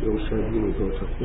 ویوسائ ہو جاؤ سکتے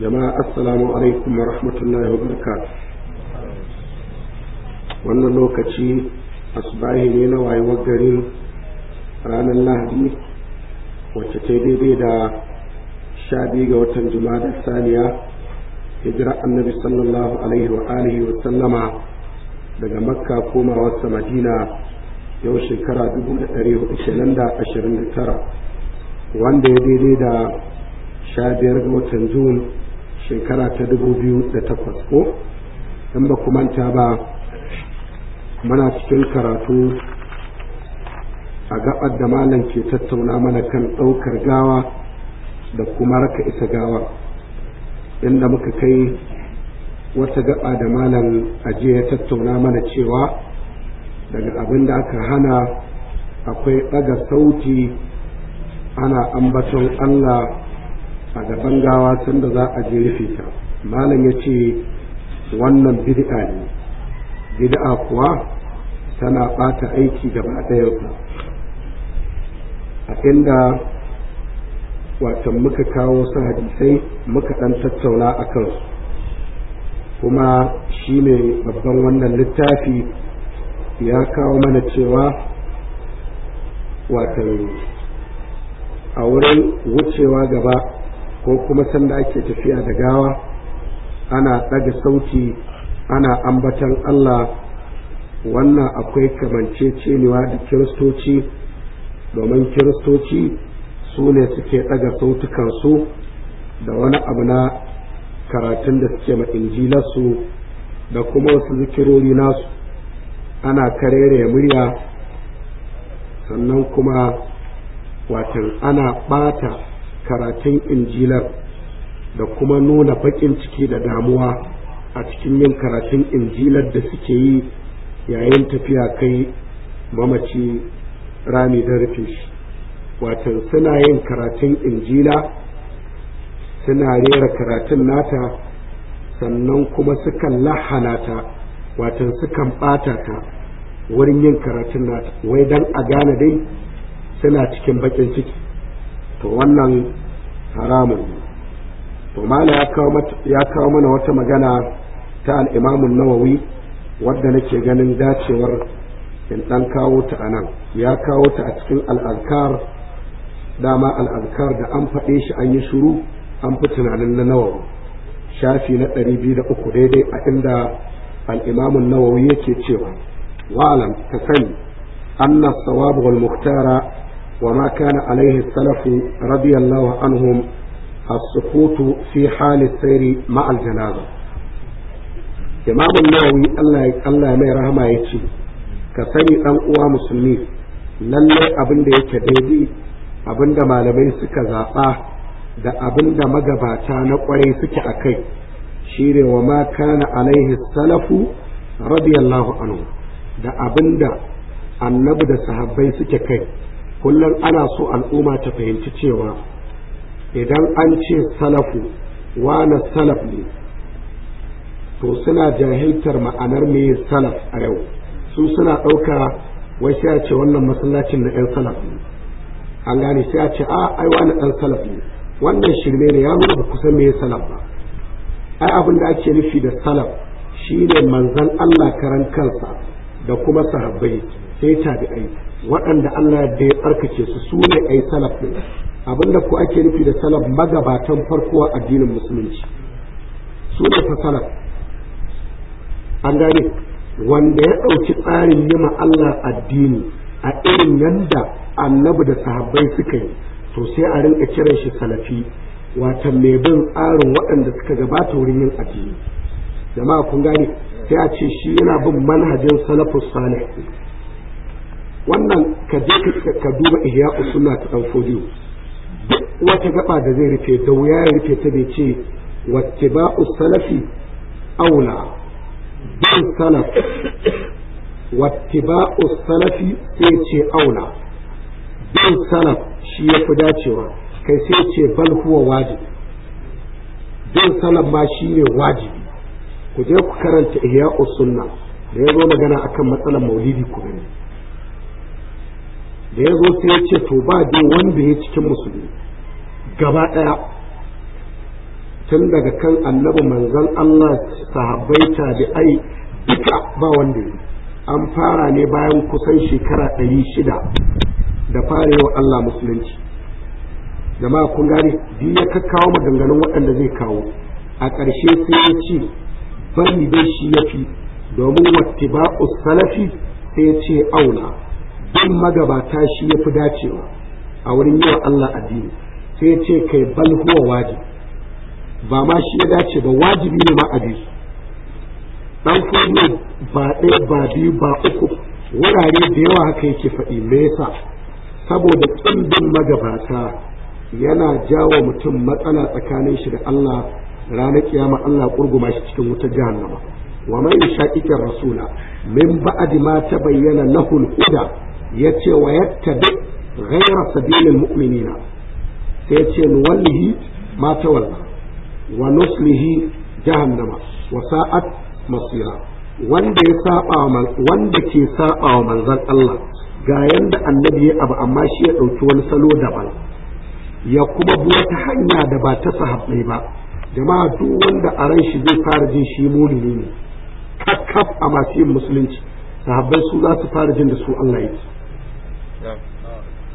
jama'a assalamu alaikum wa rahmatullahi wa barakatuh wannan lokaci asbahi ne na wayewar gari ranar lahadi wacce ta daidai da sha biyu ga watan jima'a saniya hijira annabi sallallahu alaihi wa alihi wa sallama daga makka komawarsa madina yau shekara 1429 wanda ya daidai da sha biyar ga watan june shekara ta dubu biyu da takwas ko in ba ku manta ba muna cikin karatu a gabar da malam ke tattauna mana kan ɗaukar gawa da kuma raka isa gawa inda muka kai wata gaba da malam ajiye ya tattauna mana cewa daga abin da aka hana akwai ɗaga sauti ana ambaton Allah a gaban gawa sanda za a je rufe ta malam ya ce wannan bid'a ne bid'a kuwa tana ɓata aiki gaba ɗayansa a inda watan muka kawo su hadisai muka ɗan tattauna a kansu kuma shi ne babban wannan littafi ya kawo mana cewa watan a wurin wucewa gaba ko kuma sanda ake tafiya da gawa ana ɗaga sauti ana ambatan Allah wannan akwai kamance cewa da kiristoci domin kiristoci su ne suke ɗaga sautukansu da wani abu na karatun da suke ma injilarsu da kuma wasu zikirori nasu ana karere murya sannan kuma watan ana ɓata karatun injilar da kuma nuna baƙin ciki da damuwa a cikin yin karatun injilar da suke yi yayin tafiya kai mamaci rami da rufe shi watan suna yin karatun injila suna rera karatun nata sannan kuma sukan lahana ta watan sukan ɓata ta wurin yin karatun nata wai don a gane dai suna cikin baƙin ciki to wannan haramun to mana ya kawo mana wata magana ta al'imamun nawawi wadda nake ganin dacewar in ɗan kawo ta a nan ya kawo ta a cikin al’alkar dama al’alkar da an faɗe shi an yi shuru an fi tunanin na nawawi shafi na ɗari biyu da uku daidai a inda al'imamun nawawi yake cewa wa'alam ta sani anna na wal وما كان عليه السلف رضي الله عنهم السكوت في حال السير مع الجنازة إمام النووي الله الله ما رحمه يتي كسني أن أوا مسلمي lallai abin da yake daidai abin da malamai suka zaɓa da abin da magabata na ƙwarai suke a kai shi ne wa ma kana alaihi salafu radiyallahu anhu da abin da annabi da sahabbai suke kai kullum ana so al'umma ta fahimci cewa idan an ce salafu wane salaf ne to suna jahiltar ma'anar mai salaf a yau su suna ɗauka wai sai a ce wannan masallacin na ɗan salaf ne an gane sai a ce a ai wani ɗan salaf ne wannan shirme ne ya nuna ba kusan mai salaf ba ai abin da ake nufi da salaf shine manzan Allah karan kansa da kuma sahabbai sai tabi'ai waɗanda Allah ya ya tsarkace su su ne ai salaf ne abinda ku ake nufi da salaf magabatan farko a addinin musulunci su ne fa salaf an gane wanda ya ɗauki tsarin yima Allah addini a irin yadda annabi da sahabbai suka yi to sai a rinka kiran shi salafi wata mai bin tsarin waɗanda suka gabata wurin yin addini jama'a kun gane sai a ce shi yana bin manhajin salafus salih wannan ka je ka duba ihya usulla ta dan fodiyo duk wata gaba da zai rufe da wuya ya rufe ta bai ce wattiba'u salafi aula bin salaf salafi sai ce aula bin salaf shi ya fi dacewa kai sai ce bal huwa wajibi bin salaf ma shi ne wajibi ku je ku karanta ihya usulla da ya zo magana akan matsalar maulidi ku gani da ya zo sai ya ce to ba dai wanda ya cikin musulmi gaba ɗaya tun daga kan annabi manzon Allah sahabbai ai duka ba wanda ya an fara ne bayan kusan shekara ɗari shida da farewa Allah musulunci jama'a kun gane duk ya kakkawo maganganun waɗanda zai kawo a ƙarshe sai ya ce bari dai shi ya fi domin wattiba'u salafi sai ya ce auna bin magabata shi ya fi dacewa a wurin yawan Allah addini sai ya ce kai bal huwa wajib ba ma shi ya dace ba wajibi ne ma a bi dan fodiyo ba ɗaya ba biyu ba uku wurare da yawa haka yake faɗi me yasa saboda ƙin magabata yana jawo mutum matsala tsakanin shi da Allah ranar kiyama Allah kurguma shi cikin wutar jahannama wa mai yashaqiqir rasula min ba'di ma ta bayyana lahul huda yace wa yattabi ghayra sabilil mu'minina sai yace nu wallahi ma tawalla wa nuslihi jahannama wa sa'at masira wanda ya saba wanda ke saba wa manzon Allah ga yanda annabi ya abu amma shi ya dauki wani salo daban ya kuma bi wata hanya da ba ta sahabbai ba jama'a duk wanda a ran shi zai fara jin shi mulini ne kakkaf a masu yin musulunci sahabbai su za su fara jin da su Allah yake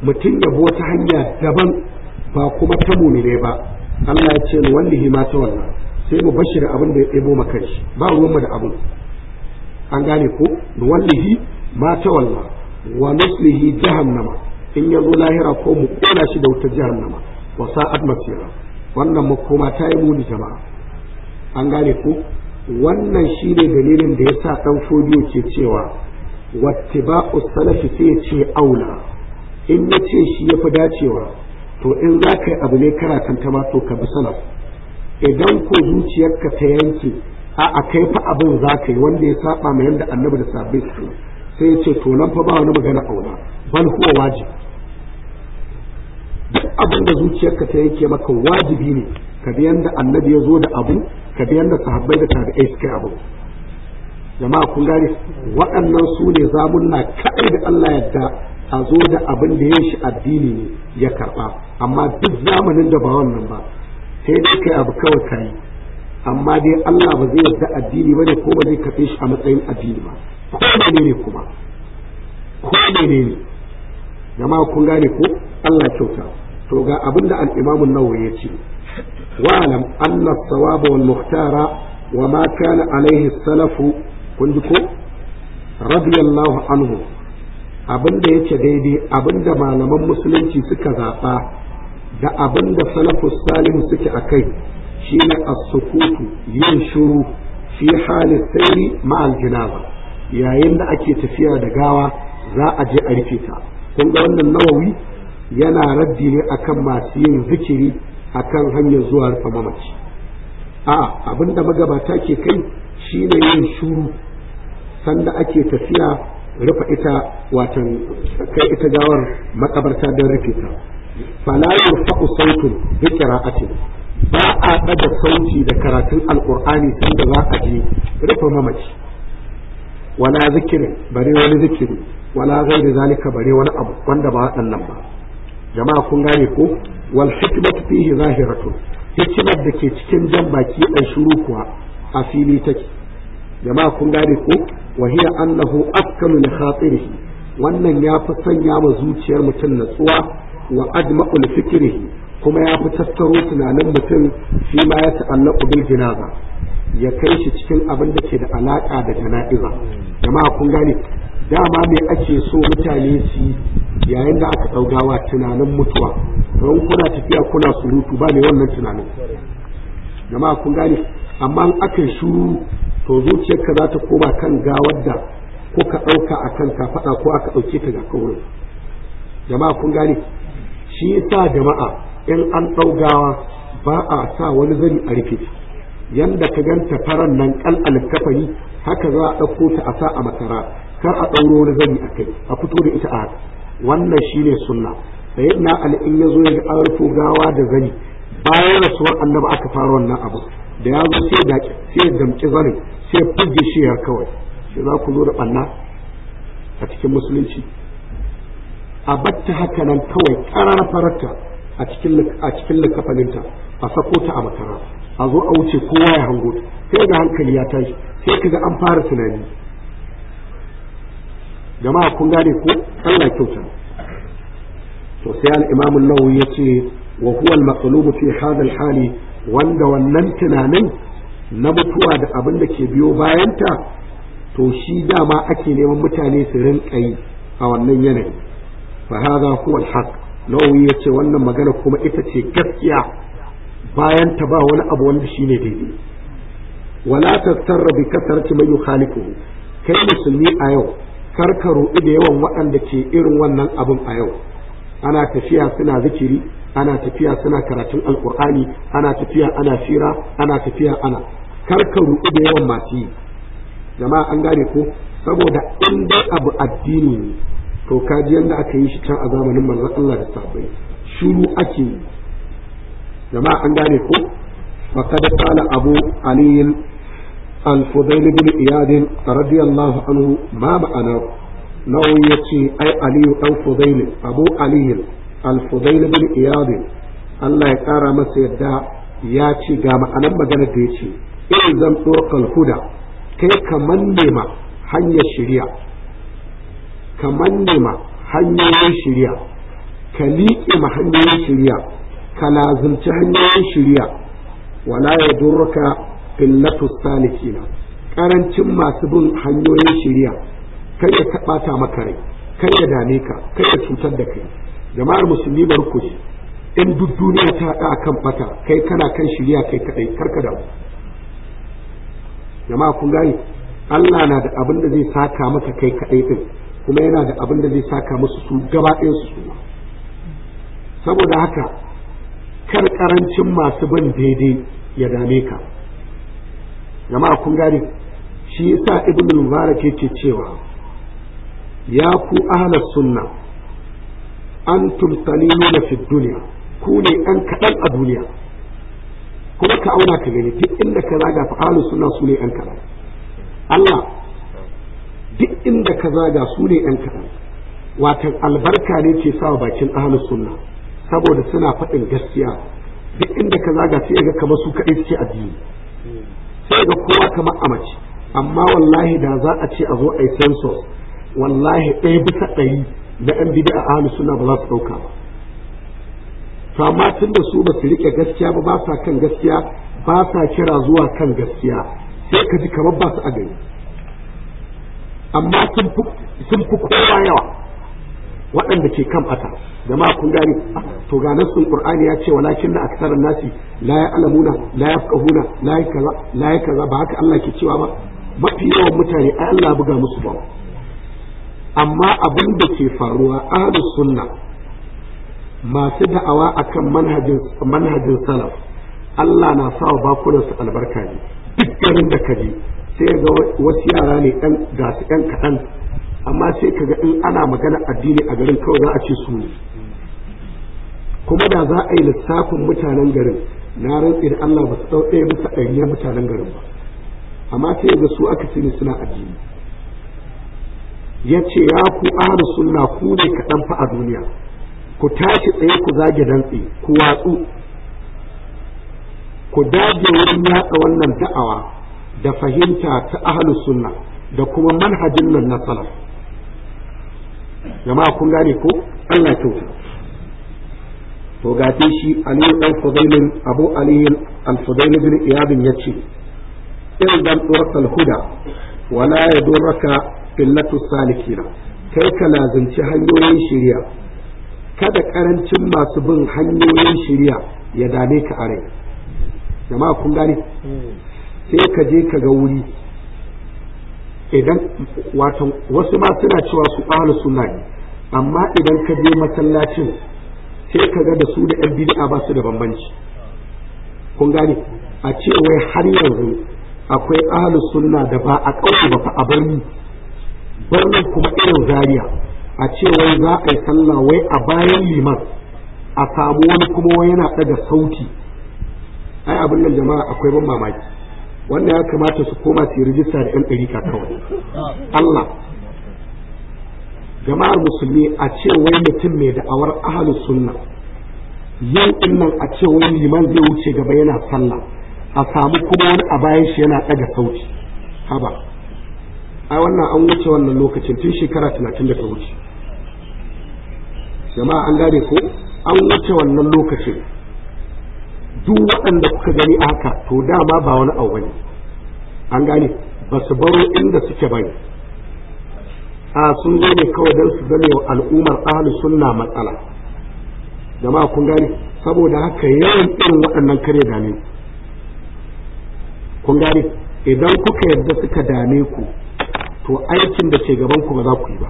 mutum ya bi wata hanya daban ba kuma ta mumine ba Allah ya ce ni wallahi ma ta wannan sai mu bashi da abin da ya ɗebo maka shi, ba ruwanmu da abin an gane ko ni wallahi ma ta wannan wa nuslihi jahannama in ya zo lahira ko mu kona shi da wutar jahannama wa sa'ad masira wannan makoma ta yi muni jama'a an gane ko wannan shine dalilin da ya sa ɗan fodiyo ke cewa wattiba'u salafi sai ce aula in ya ce shi ya fi dacewa to in za ka yi abu ne kana ma to ka bi salaf idan ko zuciyarka ta yanke a a kai fa abin za ka yi wanda ya saba ma yanda annabi da sabbin su sai ya ce to nan fa ba wani magana auna bal huwa wajib duk abin da zuciyarka ta yanke maka wajibi ne ka bi yanda annabi ya zo da abu ka bi yanda sahabbai da da suka abu jama'a kun gane waɗannan su ne zamunna kaɗai da Allah yadda a zo da abin da ya shi addini ne ya karɓa, amma duk zamanin da ba wannan ba sai da kai abu kawai yi, amma dai Allah ba zai yarda addini ne ko ba zai kafe shi a matsayin addini ba ko ne ne kuma ko ne ne jama'a kun gane ko Allah kyauta to ga abin da al-Imam an-Nawawi ya ce واعلم أن الصواب والمختار وما كان salafu kun ji ko radiyallahu anhu abin da yake daidai abin da malaman musulunci suka zaɓa da abin da salafus salihu suke a kai shine as-sukutu yin shuru fi halin sayri ma'al jinaza yayin da ake tafiya da gawa za a je a rufe ta kun ga wannan nawawi yana raddi ne akan masu yin zikiri akan hanyar zuwa rufe mamaci a abin da magabata ke kai shine yin shuru sanda ake tafiya rufe ita watan kai ita gawar makabarta don rufe ta fala yurfa'u sautun bi qira'atin ba a ɗaga sauti da karatun alqur'ani da za a je rufe mamaci wala zikiri bare wani zikiri wala ghairi zalika bare wani abu wanda ba waɗannan ba jama'a kun gane ko wal hikmatu fihi zahiratu hikimar da ke cikin jan baki ɗan shuru kuwa a fili take jama'a kun gane ko wa hiya annahu askalu li khatirihi wannan ya fi sanya ma zuciyar mutum natsuwa wa ajma'u li fikrihi kuma ya fi tattaro tunanin mutum shi ma ya ta'allaqu bil jinaza ya kai shi cikin abin da ke da alaka da jana'iza jama'a kun gane dama me ake so mutane su yayin da aka daugawa tunanin mutuwa don kuna tafiya kuna surutu ba ne wannan tunanin jama'a kun gane amma in aka shuru to zuciyarka za ta koma kan gawar da ko ka ɗauka a kan ka ko aka ɗauke ka ga kawai jama'a kun gane shi sa jama'a in an ɗau gawa ba a sa wani zani a rufe yanda ka ganta faran nan kal alkafari haka za a ɗauko ta a sa a masara kar a ɗauro wani zani a kai a fito da ita a haka wannan shine sunna yadda ali in zo ya ga an gawa da zani bayan rasuwar annabi aka fara wannan abu da ya zo sai da sai damki zanin sai fige shi ya kawai sai za ku zo da banna a cikin musulunci a batta haka nan kawai karar fararta a cikin a lakafaninta a sako ta a makara a zo a wuce kowa ya hango sai da hankali ya tashi sai ga an fara tunani jama'a kun gane ko Allah kyauta to sai al-Imam an-Nawawi yace wa huwa al-maqlub fi hadha hali wanda wannan tunanin na mutuwa da abin da ke biyo bayanta to shi dama ake neman mutane su rinka yi a wannan yanayi fa hadha huwa alhaq nawawi yace wannan magana kuma ita ce gaskiya bayan ta ba wani abu wanda shine daidai wala tattarra bi kasarati man yukhalifuhu kai musulmi a yau karka ruɗu da yawan waɗanda ke irin wannan abin a yau ana tafiya suna zikiri ana tafiya suna karatun alkur'ani ana tafiya ana fira ana tafiya ana karka ruɗu da yawan masu yi jama'a an gane ko saboda in dai abu addini ne to kaji yanda aka yi shi can a zamanin manzon Allah da sabai shuru ake yi jama'a an gane ko faqad qala abu ali al-fudayl bin iyad radiyallahu anhu ma ba'ana nawawi yace ai ali dan fudayl abu ali al-fudayl bin iyad Allah ya kara masa yadda ya ce ga ma'anar magana da ya ce in zan turqal huda kai kaman nema hanyar shari'a kaman nema hanyoyin shari'a ka liƙe ma hanyoyin shari'a ka lazimci hanyoyin shari'a wala ya durka illatu salikina karancin masu bin hanyoyin shari'a kai ya taɓata maka rai kai ya dame ka kai ya cutar da kai jama'ar musulmi bar ku ne in duk duniya ta haɗa kan fata kai kana kan shirya kai kaɗai karka da jama'a kun gani Allah na da abin da zai saka maka kai kaɗai din kuma yana da abin da zai saka musu su gaba ɗaya su su saboda haka kar karancin masu bin daidai ya dame ka jama'a kun gani shi yasa ibnu mubarak yake cewa ya ku ahlus sunna antum qaliluna fi dunya ku ne an kaɗan a duniya kuma ka auna ka gani duk inda ka zaga fa ahlus su ne an kaɗan. Allah duk inda ka zaga su ne an kaɗan, watan albarka ne ce sawa bakin ahlus sunna saboda suna faɗin gaskiya duk inda ka zaga sai ga kamar su kaɗai suke addini sai ga kowa kamar mace amma wallahi da za a ce a zo a yi census wallahi ɗaya bisa ɗari na yan a ahlus suna ba za su ɗauka ba to amma da su ba su riƙe gaskiya ba ba sa kan gaskiya ba sa kira zuwa kan gaskiya sai ka ji kamar ba su a gari amma sun fi kowa yawa waɗanda ke kan ata jama'a kun gani ah, to ga nassun qur'ani ya ce walakin na aksaran nasi la ya'lamuna la yafqahuna la kaza la kaza ba haka Allah ke cewa ba mafi yawan mutane ai Allah buga musu ba amma abin da ke faruwa ahlus sunna masu da'awa akan manhajin manhajin salaf Allah na sawa bakunan su albarka ne garin da ka kaje sai ga wasu yara ne dan ga ɗan kaɗan amma sai kaga in ana magana addini a garin kawai za a ce su ne kuma da za a yi lissafin mutanen garin na rantsi da Allah ba su dau ɗaya bisa ɗari mutanen garin ba amma sai ga su aka ce suna addini ya ce ya ku ahlu sunna ku ne kaɗan fa a duniya ku tashi tsaye ku zage dantse ku watsu ku dage wurin yatsa wannan da'awa da fahimta ta ahlu sunna da kuma manhajin nan na salaf jama'a kun gane ko Allah kyauta to ga shi Aliyu dan Fudailin Abu Ali al-Fudail ibn Iyad yace in dan turkal huda wala yadurraka sunnatu salikina kai ka lazimci hanyoyin shiriya kada karancin masu bin hanyoyin shiriya ya dame ka a rai jama'a kun gane sai ka je ka ga wuri idan wato wasu ma suna cewa su ahlus sunna ne amma idan ka je masallacin sai ka ga da su da yan bid'a ba su da bambanci kun gane a ce wai har yanzu akwai ahlus sunna da ba a kauce ba fa a bar wannan kuma irin zariya a ce wai za a yi sallah wai a bayan liman a samu wani kuma wai yana daga sauti ai abin nan jama'a akwai ban mamaki wannan ya kamata su koma su yi rijista da yan ɗarika kawai Allah jama'ar musulmi a ce wai mutum mai da'awar ahalus sunna yau din nan a ce wani liman zai wuce gaba yana sallah a samu kuma wani a bayan shi yana daga sauti haba A wannan an wuce wannan lokacin tun shekara talatin da ta wuce jama'a an gane ko an wuce wannan lokacin duk waɗanda kuka gani a haka to dama ba wani abu an gane ba su baro inda suke bane a sun zo ne kawai don su zame wa al'ummar ahlus sunna matsala jama'a kun gane saboda haka yawan irin waɗannan kare dame kun gane idan kuka yadda suka dame ku to aikin da ke gaban ku ba za ku yi ba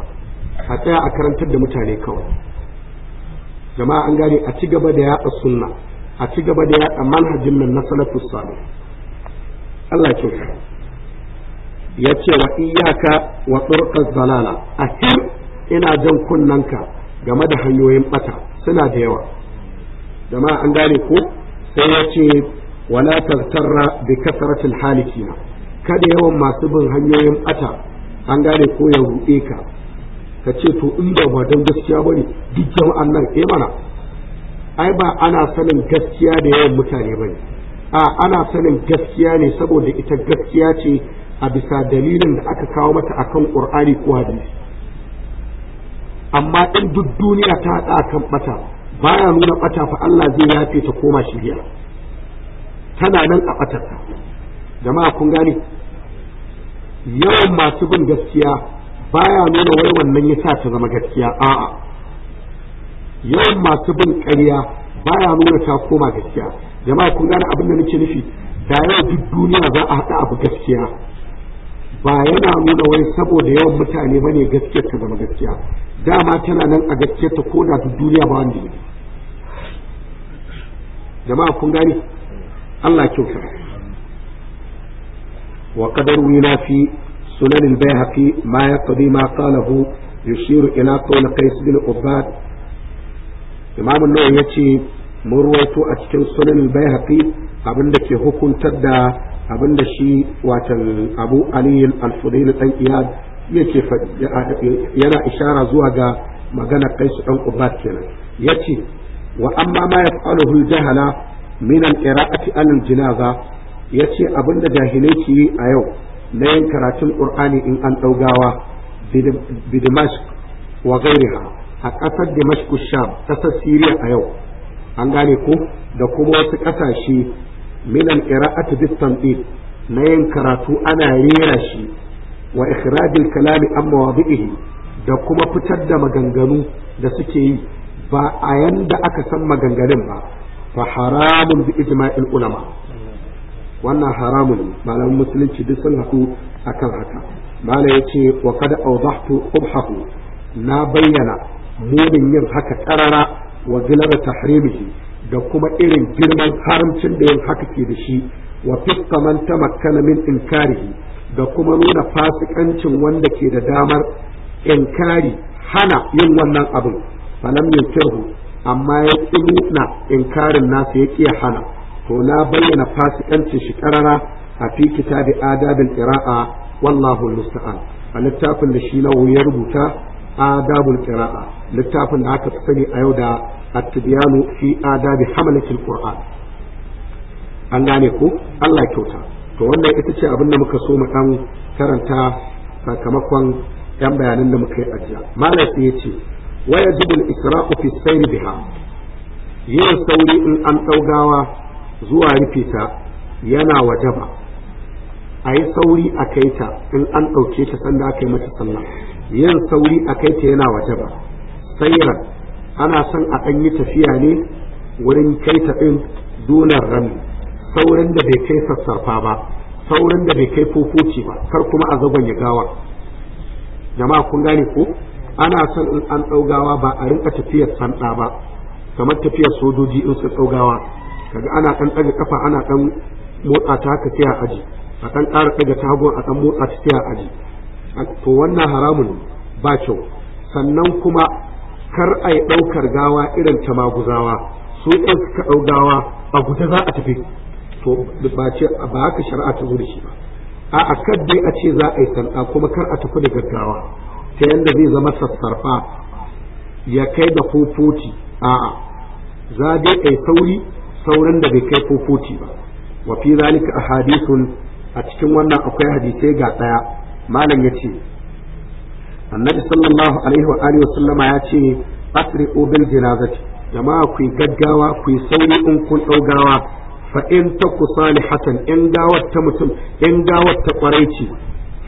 a tsaya a karantar da mutane kawai jama'a an gane a ci gaba da yaɗa sunna a ci gaba da yaɗa manhajin nan na salafus sami Allah ke ya ce wa iyaka wa turqaz zalala hin ina jan kunnanka game da hanyoyin ɓata suna da yawa jama'a an gane ko sai ya ce wala tazkarra bi kasratil halikina kada yawan masu bin hanyoyin ɓata. an gane ko ya ruɗe ka ka ce to in ba ba don gaskiya bane duk jama'an nan ke eh mana ai ba ana sanin gaskiya da yawan mutane bane a ana sanin gaskiya ne saboda ita gaskiya ce a bisa dalilin da aka kawo mata akan ƙur'ani ko hadisi amma in duk duniya ta haɗa kan ɓata, baya nuna ɓata fa Allah zai yafe ta koma shiriya tana nan a batarta jama'a kun gane yawan masu bin gaskiya baya nuna wai wannan ya sa ta zama gaskiya a'a yawan masu bin ƙarya baya nuna ta koma gaskiya jama'a kun gane abin da nake nufi da yau duk duniya za a haɗa abu gaskiya ba yana nuna wai saboda yawan mutane ba ne gaskiyar ta zama gaskiya dama tana nan a gaskiyar ta ko da duk duniya ba wanda ya jama'a kun gane Allah kyauta وقد روينا في سنن البيهقي ما يقتضي ما قاله يشير إلى قول قيس بن عباد إمام النووي يأتي مرويت أتكن سنن البيهقي abin da ke hukuntar da abin da shi watan abu aliyu alfudailu dan iyad yana ishara zuwa ga magana kaisu ɗan ubat kenan yace wa amma ma yaf'aluhu jahala jinaza ya ce abin da jahilai ke yi a yau na yin karatun ƙur'ani in an ɗaugawa bidimashq wa gairiha a ƙasar dimashq sham ƙasar siriya a yau an gane ko da kuma wasu ƙasashe minan distan bitanɗi na yin karatu ana rera shi wa ikhrajil kalami an mawadi'ihi da kuma fitar da maganganu da suke yi ba a yanda aka san maganganun ba fa haramun bi ijma'il ulama wannan haramun ne malamin musulunci duk sun a kan haka malam ya ce wa kada awdahtu qubhahu na bayyana munin yin haka karara wa zilar tahrimihi da kuma irin girman haramcin da yin haka ke da shi wa fiska man tamakkana min inkarihi da kuma nuna fasikancin wanda ke da damar inkari hana yin wannan abin falam yankirhu amma ya ƙi nuna inkarin nasa ya ƙi hana to na bayyana fasikancin shi karara a fi da adabin qira'a wallahu musta'an a littafin da shi lawo ya rubuta adabul kira'a, littafin da aka sani a yau da attibiyanu fi adabi hamalakin qur'an an gane ku, Allah kyauta to wannan ita ce abin da muka so mu ɗan karanta sakamakon yan bayanan da muka yi ajiya malam ya ce waya jibin israu fi sayr biha yin sauri in an ɗaugawa zuwa rufe ta yana waje ba, a yi sauri a kai ta in an ɗauke ta sanda aka yi mata sallah yin sauri a kai ta yana waje wajaba sairan ana son a ɗan yi tafiya ne wurin kai ta ɗin dunar rami saurin da bai kai sassafa ba saurin da bai kai fofoci ba kar kuma a zagon ya gawa jama'a kun gane ko ana son in an ɗaugawa ba a rinka tafiyar sanda ba kamar tafiyar sojoji in su ɗaugawa kaga ana ɗan ɗaga kafa ana ɗan motsa ta haka sai a aji a ɗan ƙara ɗaga tagon a ɗan motsa ta sai aji to wannan haramun ba kyau sannan kuma kar a yi ɗaukar gawa irin ta maguzawa su ɗan suka ɗau gawa a guda za a tafi to ba ce ba haka shari'a ta zo shi ba a'a kar dai a ce za a yi sanda kuma kar a tafi da gaggawa ta yanda zai zama sassarfa ya kai da fofoti a'a za dai a yi sauri saurin da bai kai fufuti ba wa fi zalika ahadithun a cikin wannan akwai hadisai ga daya malam yace annabi sallallahu alaihi wa alihi wasallama ya ce asri'u bil janazati jama'a ku gaggawa ku sauri in kun daugawa fa in taku salihatan in gawar ta mutum in gawar ta kwarai ce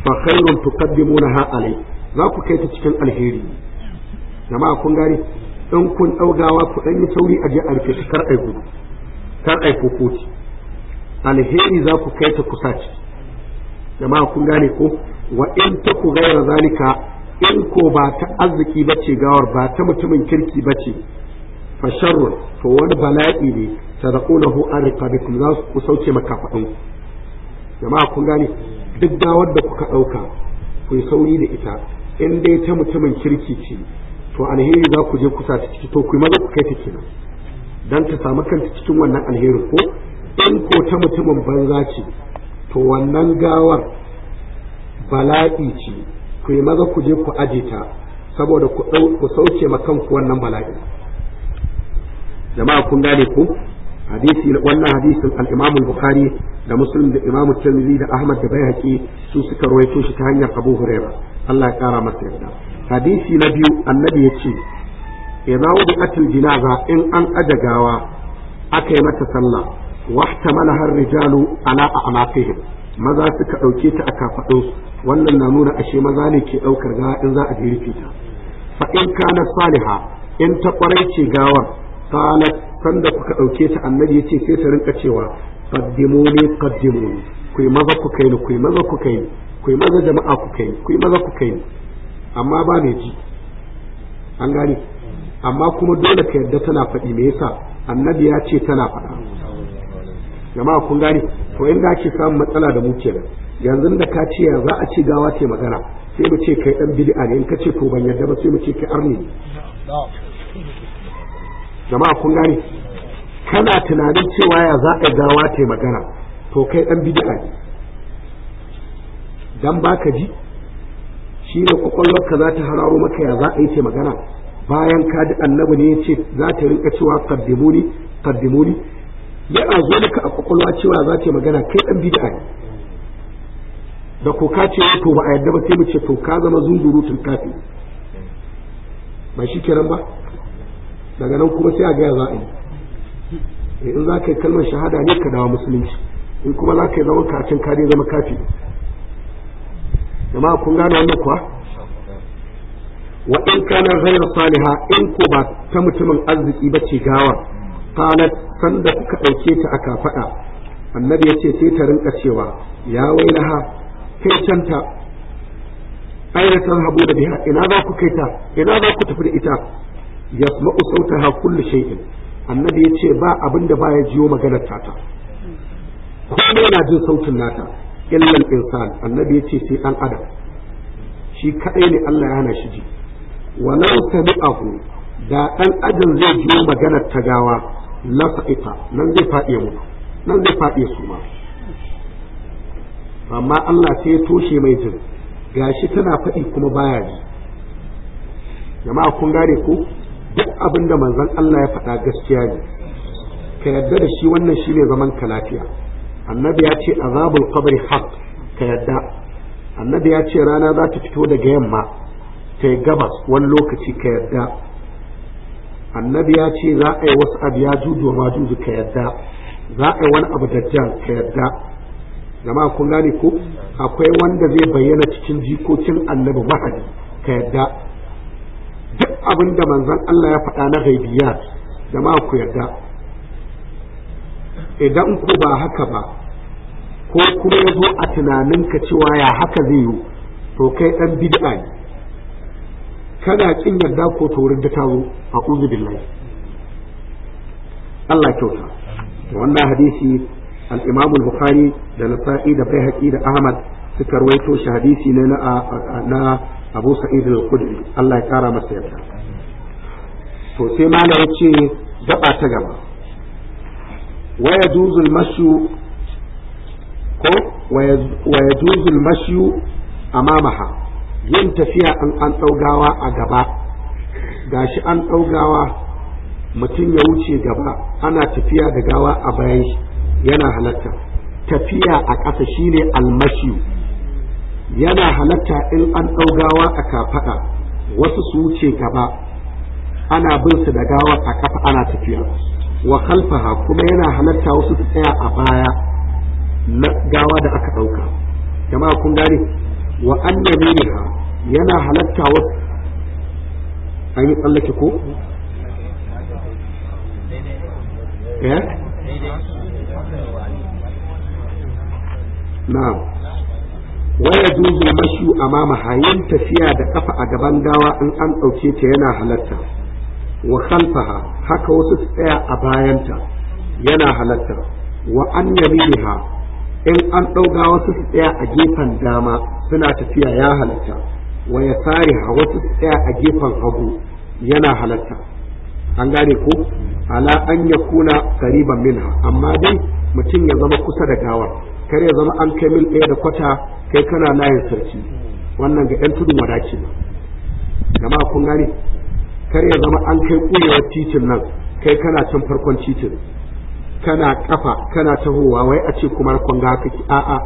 fa khairun tuqaddimunaha alai za ku kai ta cikin alheri jama'a kun gari in kun daugawa ku dan yi sauri a je a rufe shi kar ai gudu kar ai kokoti alheri za ku kai ta kusaci, jama'a kun gane ko wa in ta ku gaira zalika in ko ba ta arziki bace gawar ba ta mutumin kirki bace fa sharrun to wani bala'i ne ta tadaqunahu an riqabikum za ku sauke makafadin jama'a kun gane duk gawar da kuka ɗauka, ku yi sauri da ita in dai ta mutumin kirki ce to alheri za ku je kusa ta ciki to ku yi maza ku kai ta kenan don ta samu kanta cikin wannan alherin ko in ko ta mutumin banza ce to wannan gawar bala'i ce ku yi maza ku je ku aje ta saboda ku sauke ku wannan bala'i jama'a kun gane ku hadisi wannan hadisin al-Imam bukhari da Muslim da Imam Tirmidhi da Ahmad da haƙi su suka rawaito shi ta hanyar Abu huraira Allah ya kara masa yadda hadisi na biyu annabi ya ce idza wudi'atil jinaza in an adagawa aka yi mata sallah wahtamala har rijalu ala a'naqihim maza suka dauke ta a kafadun wannan na nuna ashe maza ne ke daukar gawa in za a je rufe ta fa in kana saliha in ta kwarai ce gawar qalat sanda kuka dauke ta annabi yace sai ta rinka cewa qaddimuni qaddimuni kuyi maza ku kai ni kuyi maza ku kai ni kuyi maza jama'a ku kai ni kuyi maza ku kai ni amma ba ne ji an gane amma kuma dole ka yarda tana faɗi me yasa annabi ya ce tana faɗa jama'a kun gane to inda ake samun matsala da mu kenan yanzu da ka ce za a ci gawa ce magana sai mu ce kai dan bid'a ne in ka ce to ban yarda ba sai mu ce kai arni ne jama'a kun gane kana tunanin cewa ya za a gawa ce magana to kai dan bid'a ne dan baka ji shi ne kwakwalwarka za ta hararo maka ya za a yi ce magana bayan ka ji annabi ne ya ce za ta rinka cewa qaddimuni qaddimuni yana zo maka a kwakwalwa cewa za ta magana kai dan bid'a ne da ko ka ce to ba a yadda ba sai mu ce to ka zama tun kafi ba shi kiran ba daga nan kuma sai a gaya za a yi eh, in za ka yi kalmar shahada ne ka dawo musulunci in kuma za ka yi zaman kacin ka zama kafi jama'a kun gane wannan kuwa wa in kana ghayra saliha in ko ba ta mutumin arziki ba ce gawar qalat sanda kuka dauke ta aka fada annabi yace sai ta rinka cewa ya wailaha kai canta aina Habu da biha ina za ku kai ta ina za ku tafi da ita yasma'u sautaha kullu shay'in annabi yace ba abinda ya jiyo maganar ta. kuma na jin sautin nata Illan insan annabi yace sai dan adam shi kadai ne Allah ya hana shi ji ولو تبعه da ان اجل zai ji maganar tagawa la fa'ita nan zai fadiye mu nan zai fadiye su ma amma Allah sai ya toshe mai jin gashi tana faɗi kuma baya ji jama'a kun gane ko duk abin da manzon Allah ya faɗa gaskiya ne ka yadda da shi wannan shi shine zaman ka lafiya annabi ya ce azabul qabri haq ka yadda annabi ya ce rana za ta fito daga yamma ta yi gabas wani lokaci ka yadda. annabi ya ce za a yi wasu abu ya juju wa majuju ka yadda. za a yi wani abu da dajjal ka yadda. jama'a kun gane ko akwai wanda zai bayyana cikin jikokin annabi mahadi ka yadda. duk abin da manzon Allah ya faɗa na gaibiya jama'a ku yadda. idan ku ba haka ba ko kuma ya zo a tunaninka cewa ya haka zai yi to kai ɗan bid'a ne kana kin yarda ko taurin da ta a uzu billahi Allah kyauta wannan hadisi al-Imam al-Bukhari da Nasa'i da Baihaqi da Ahmad suka rawaito shi hadisi ne na na Abu Sa'id al-Khudri Allah ya kara masa yarda to sai malam yace gaba ta gaba wa yajuzu al-mashyu ko wa amamaha yin tafiya an an ɗaugawa a gaba gashi an ɗaugawa mutum ya wuce gaba ana tafiya da gawa a bayan yana halatta tafiya a ƙasa shine almashi yana halatta in an ɗaugawa a kafaɗa wasu su wuce gaba ana bin su da gawa a ƙasa ana tafiya wa kalfaha kuma yana halatta wasu su tsaya a baya na gawa da aka ɗauka jama'a kun gane wa ne yana halatta wa an yi tsallake ko eh na'am waya duzu a amama hayin tafiya da kafa a gaban dawa in an ɗauke ta yana halatta wa khalfaha haka wasu su tsaya a bayanta yana halatta wa an yaminiha in an ɗauga wasu su tsaya a gefen dama suna tafiya ya halatta wa ya tsari a wasu tsaya a gefen hagu yana halatta an gane ko ala an ya kuna kariban minha amma dai mutum ya zama kusa da gawar kar ya zama an kai mil ɗaya da kwata kai kana layin sarki wannan ga yan tudun wadaci ne gama kun gane kar ya zama an kai ƙurewar titin nan kai kana can farkon titin kana kafa kana tahowa wai a ce kuma kwan ga a'a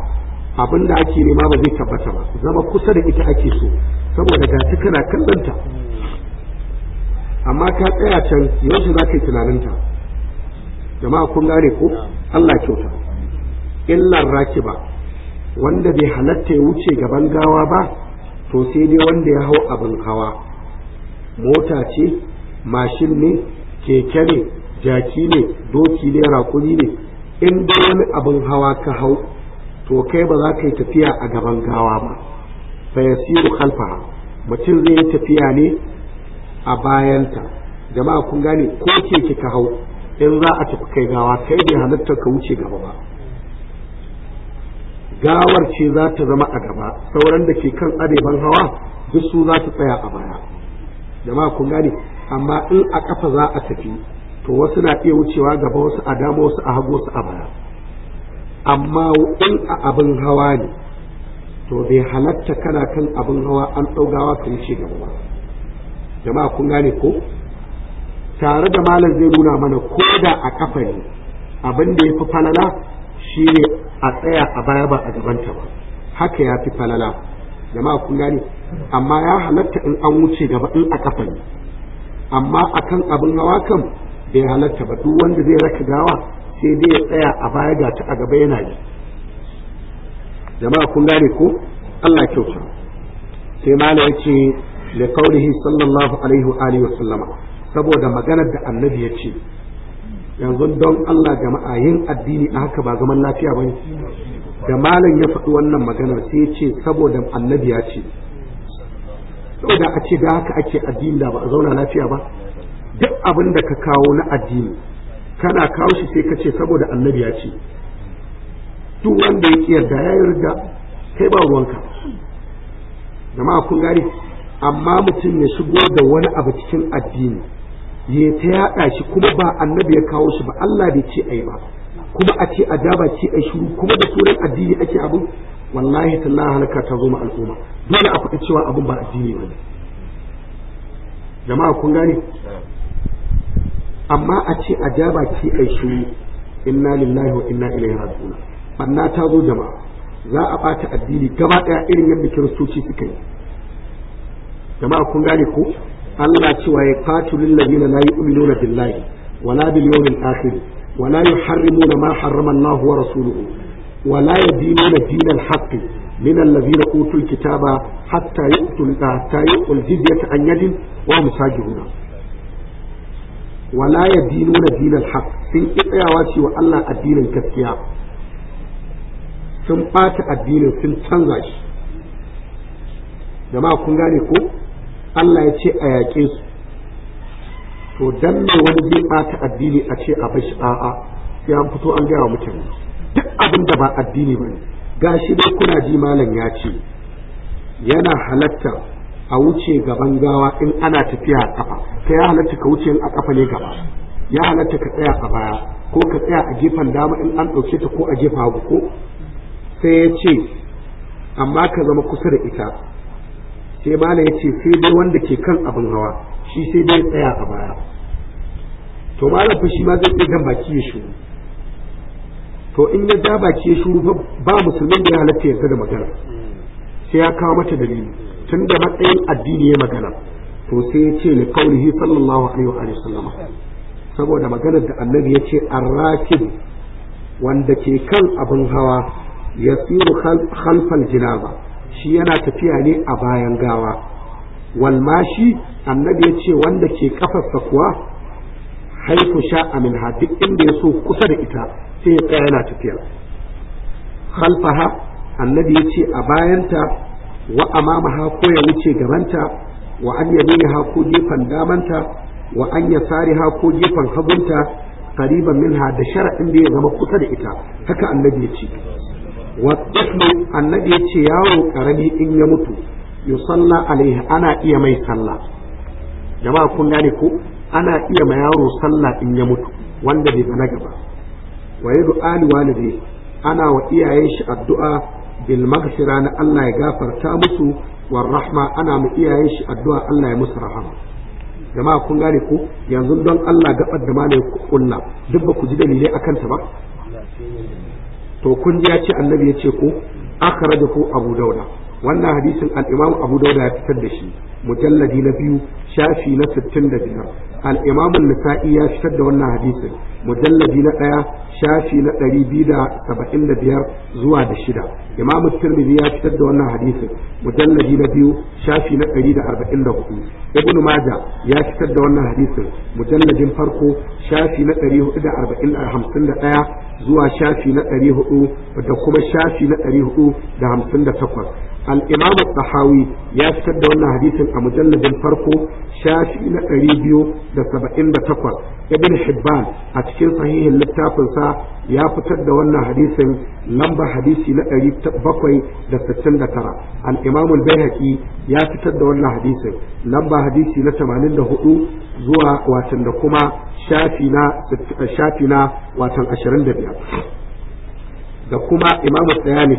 abin da ake nema ba zai tabbata ba zama kusa da ita ake so saboda ga ta kana kallonta amma ka tsaya can yaushe za ka yi tunaninta jama'a kun gane ko Allah kyauta illar ba, wanda bai halatta ya wuce gaban gawa ba to sai dai wanda ya hau abin hawa mota ce mashin ne keke ne jaki ne doki ne rakumi ne in da wani abin hawa ka hau to kai ba za ka yi tafiya a gaban gawa ba fa yasiru khalfaha mutum zai yi tafiya ne a bayanta jama'a kun gane ko ke ka hau in za a tafi kai gawa kai bai halatta ka wuce gaba ba gawar ce za ta zama a gaba sauran da ke kan ban hawa duk su za su tsaya a baya jama'a kun gane amma in a kafa za a tafi to wasu na iya wucewa gaba wasu a dama wasu a hagu wasu a baya amma in a abin hawa ne to bai halatta kana kan abin hawa an ɗaugawa ka wuce gaba ba jama'a kun gane ko tare da malam zai nuna mana ko da a kafa ne abin da ya fi falala shi ne a tsaya a baya ba a gabanta ba haka ya fi falala jama'a kun gane amma ya halatta in an wuce gaba in a kafa ne amma akan abin hawa kan bai halatta ba duk wanda zai raka gawa sai dai ya tsaya a baya ga ta a gaba yana yi jama'a kun gane ko Allah kyauta sai mala ya ce da kaurihi sallallahu alaihi wa alihi wa sallama saboda maganar da annabi ya ce yanzu don Allah jama'a yin addini a haka ba zaman lafiya bane da malam ya faɗi wannan maganar sai ya ce saboda annabi ya ce saboda a ce da haka ake addini da ba a zauna lafiya ba duk abin da ka kawo na addini kana kawo shi sai ka ce saboda annabi ya ce duk wanda ya yarda ya yarda kai ba ruwanka jama'a kun gane amma mutum ya shigo da wani abu cikin addini ya ta yaɗa shi kuma ba annabi ya kawo shi ba Allah bai ce ai ba kuma a ce a ce ai shiru kuma da sunan addini ake abu, wallahi tallahi halaka ta zo al'umma dole a faɗi cewa abin ba addini ba ne jama'a kun gane amma a ce a ja baki ai shiru inna lillahi wa inna ilaihi raji'un banna ta zo jama'a za a bata addini gaba daya irin yadda kiristoci suka yi jama'a kun gane ko Allah cewa ya qatilul ladina la yu'minuna billahi wala bil yawmil akhir wala yuharrimuna ma harrama Allah wa rasuluhu ولا يدينون دين الحق من الذين أوتوا الكتاب حتى يؤتوا حتى يؤتوا الجزية عن يد وهم ساجدون wala ya dinu na dinar haq sun ƙi tsayawa wa Allah addinin gaskiya sun ɓata addinin sun canza shi jama'a kun gane ko Allah ya ce a yaƙe su to dan me wani zai ɓata addini a ce a bashi a'a sai an fito an gaya mutane duk abin da ba addini bane gashi dai kuna ji malam ya ce yana halatta a wuce gaban gawa in ana tafiya a kafa ta ya halatta ka wuce in a kafa ne gaba ya halatta ka tsaya a baya ko ka tsaya a gefen dama in an ɗauke ta ko a gefa hagu ko sai ya ce amma ka zama kusa da ita sai mala ya ce sai dai wanda ke kan abin hawa shi sai dai tsaya a baya to malam fa shi ma zai iya baki ya shuru to in ya ja baki ya shuru ba musulmin da ya halatta ya da magana sai ya kawo mata dalili tun da matsayin addini ya magana to sai ya ce li kaulihi sallallahu alaihi wa sallama saboda maganar da annabi ya ce arrakin wanda ke kan abin hawa ya tsiru khalfal jinaba shi yana tafiya ne a bayan gawa walmashi annabi ya ce wanda ke kafarsa kuwa haifu amin ha, duk inda ya so kusa da ita sai ya tsaya yana tafiya khalfaha annabi ya ce a bayanta wa amamaha ko ya wuce gabanta wa an ha ko gefen damanta wa an hako ko gefen hagunta qariban minha da shar'in da ya zama kusa da ita haka annabi ya ce wa tiflu annabi ya ce yawo karami in ya mutu yusalla alaihi ana iya mai sallah jama'a kun gane ko ana iya ma yaro sallah in ya mutu wanda bai balaga ba wa yadu ali walidi ana wa iyayen shi addu'a bil maghfira na Allah ya gafarta musu war rahma ana mu iyaye shi addu'a Allah ya musu rahama jama'a kun gane ko yanzu don Allah gabar da malai kulla duk ba ku ji dalilai akan ta ba to kun ji ya ce annabi ya ce ko akhrajahu abu dauda wannan hadisin al-imam abu dauda ya fitar da shi mujalladi na biyu shafi na 65 al-imam an-nasa'i ya fitar da wannan hadisin mujallaji na ɗaya shafi na 275 zuwa da shida imam at ya fitar da wannan hadisin mujalladi na biyu shafi na 144 ibnu maja ya fitar da wannan hadisin mujalladin farko shafi na 451 zuwa shafi na 400 da kuma shafi na 458 al-imam at-tahawi ya fitar da wannan hadisin a mujallajin farko shafi na ɗari biyu da saba'in da takwas ibn hibban a cikin sahihin littafinsa ya fitar da wannan hadisin lamba hadisi na ɗari bakwai da sittin da tara al'imamul bayhaqi ya fitar da wannan hadisin lamba hadisi na tamanin da hudu zuwa watan da kuma shafi na shafi na watan ashirin da biyar da kuma imamu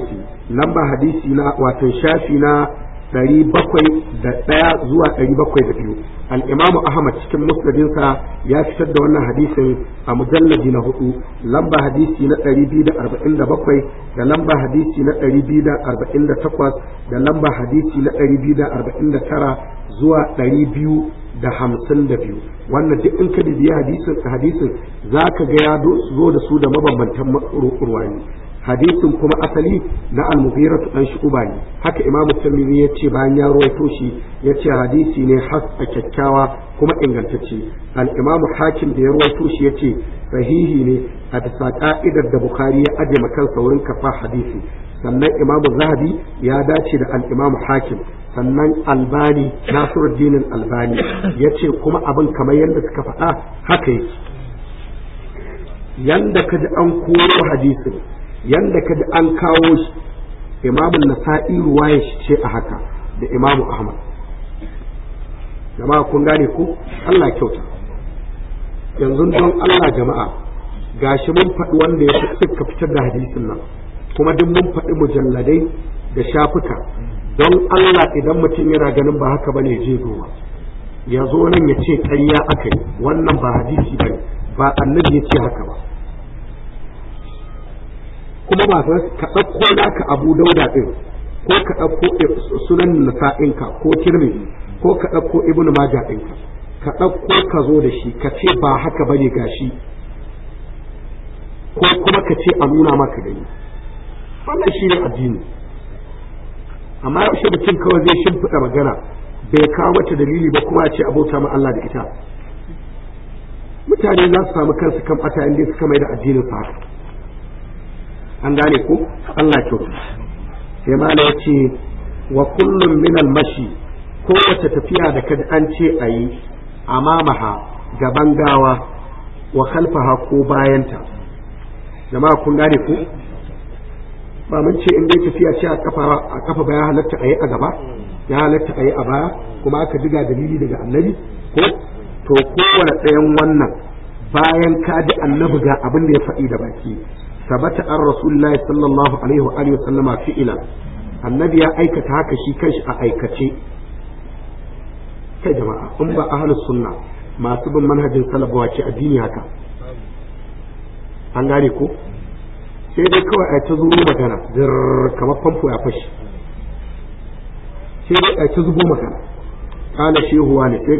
lamba hadisi na watan shafi na ɗari bakwai da ɗaya zuwa ɗari bakwai da biyu al'imamu ahmad cikin musnadinsa ya fitar da wannan hadisin a mujalladi na hudu lamba hadisi na ɗari biyu da arba'in da bakwai da lamba hadisi na ɗari biyu da arba'in da takwas da lamba hadisi na ɗari biyu da arba'in da tara zuwa ɗari biyu da hamsin da biyu wannan duk in ka bibiya hadisin hadisin za ka ga ya zo da su da mabambantan ruwani hadisin kuma asali na al-mughira dan shuba ne haka imamu tirmidhi ya ce bayan ya rawaito shi ya ce hadisi ne hasa kyakkyawa kuma ingantacce al-imamu hakim da ya rawaito shi ya ce sahihi ne a bisa ka'idar da bukhari ya aje makan saurin kafa hadisi sannan imamu zahabi ya dace da al-imamu hakim sannan albani nasiruddin albani ya ce kuma abin kamar yadda suka faɗa haka yake yanda ka ji an koro hadisin yanda ka an kawo shi imamun waye shi ce a haka da imamu ahmad jama'a kun gane ku? Allah kyauta yanzu don Allah jama'a gashi mun faɗi wanda ya fi suka fitar da hadisin nan kuma duk mun faɗi mujalladai da shafuka don Allah idan mutum yana ganin ba haka bane je duba ya zo nan ya ce ƙarya aka yi wannan ba hadisi bane ba annabi ya ce haka ba kuma ba ka ɗauko naka abu dauda ɗin ko ka ɗauko sunan nasa'inka ko kirmi, ko ka ɗauko ibnu maja ɗinka ka ɗauko ka zo da shi ka ce ba haka ba ne gashi ko kuma ka ce a nuna maka gani wannan shi ne addini amma yaushe mutum kawai zai shimfiɗa magana bai kawo wata dalili ba kuma ce abota ma Allah da ita mutane za su samu kansu kan ɓata inda suka mai da addinin sa haka an gane ko Allah ke sai mala ya ce wa kullum min ko kowace tafiya da kada an ce a yi amamaha gaban gawa wa kalfaha ko bayanta jama'a kun gane ko ba mun ce in dai tafiya ce a kafa a kafa baya halatta a yi a gaba ya halatta a yi a baya kuma aka diga dalili daga annabi ko to kowane ɗayan wannan bayan ka ji annabi ga abin da ya faɗi da baki ثبت عن رسول الله صلى الله عليه وآله وسلم فعلا النبي أيكت هكا شي كنش أيكتشي كجماعة أم أهل السنة ما سبب منهج سلب واتي أديني هكا an gane ko sai dai kawai a ta zubo magana zir kamar famfo ya fashi sai dai a ta zubo magana kana shehuwa ne sai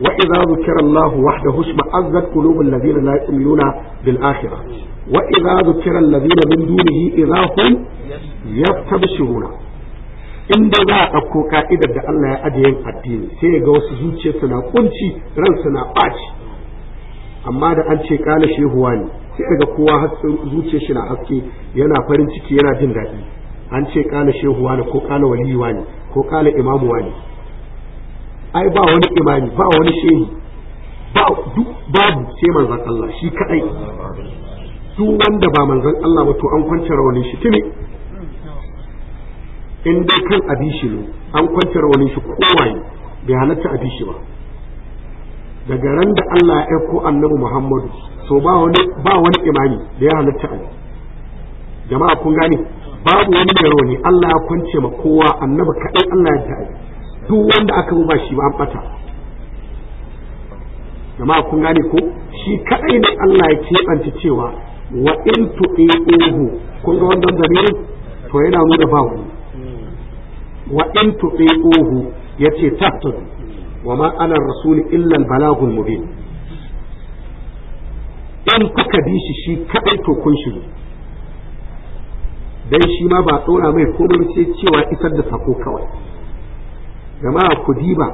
وإذا ذكر الله وحده اشمأزت قلوب الذين لا يؤمنون بالآخرة وإذا ذكر الذين من دونه إذا هم يستبشرون in da za a ɗauko ka'idar da Allah ya ajiye addini sai ga wasu zuciya suna kunci ran suna ɓaci amma da an ce kana shehuwa ne sai ga kowa har zuciya shi na haske yana farin ciki yana jin daɗi an ce kana shehuwa ne ko kana waliyuwa ne ko kana imamuwa ne ai ba wani imani ba wani shehi ba duk babu sai manzon Allah shi kadai duk wanda ba manzon Allah ba to an kwance rawani shi tuni in dai kan abishi shi ne an kwance rawani shi kowaye bai halatta abishi shi ba daga ran da Allah ya aiko annabi Muhammadu to ba wani ba wani imani da ya halatta abi jama'a kun gane babu wani rawani Allah ya kwance ma kowa annabi kadai Allah ya ta'ala duk wanda aka ruba shi ba an bata jama'a kun gane ko shi kadai ne Allah ya ce keɓanta cewa wa in tu'i'uhu kun ga wannan dalilin to yana nuna ba wani wa in tu'i'uhu yace tahtadu wa ma ana rasul illa al balagul mubin in kuka bi shi shi kadai to kun shiru dan shi ma ba tsora mai komai sai cewa isar da sako kawai jama'a ku diba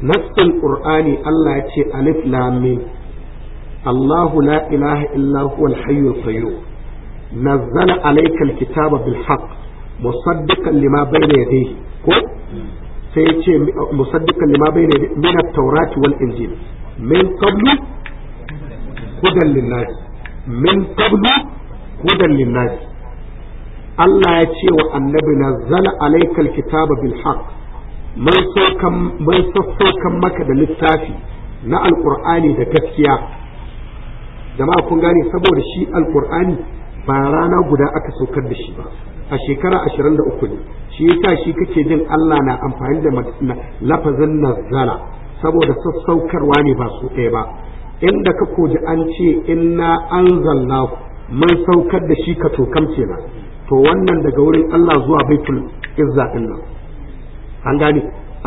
nassin qur'ani Allah ya ce alif lam mim Allahu la ilaha illa huwa al-hayyul qayyum nazzala alayka al-kitaba bil haqq musaddiqan lima bayna yadayhi ko sai ya ce musaddiqan lima bayna min at-taurati wal injil min qablu hudan lin-nas min qablu hudan lin-nas Allah ya ce wa annabi nazzala alayka al-kitaba bil haqq mun sassaukan maka da littafi na alkur'ani da gaskiya jama'a kun gane saboda shi alkur'ani ba rana guda aka saukar da shi ba a shekara ashirin ne shi yasa shi kake jin Allah na amfani da lafazin nazala saboda sassaukarwa ne ba su ɗaya ba inda ka koji an ce inna anzalna mun saukar da shi ka tokam kenan to wannan daga wurin Allah zuwa baitul izza din nan an gane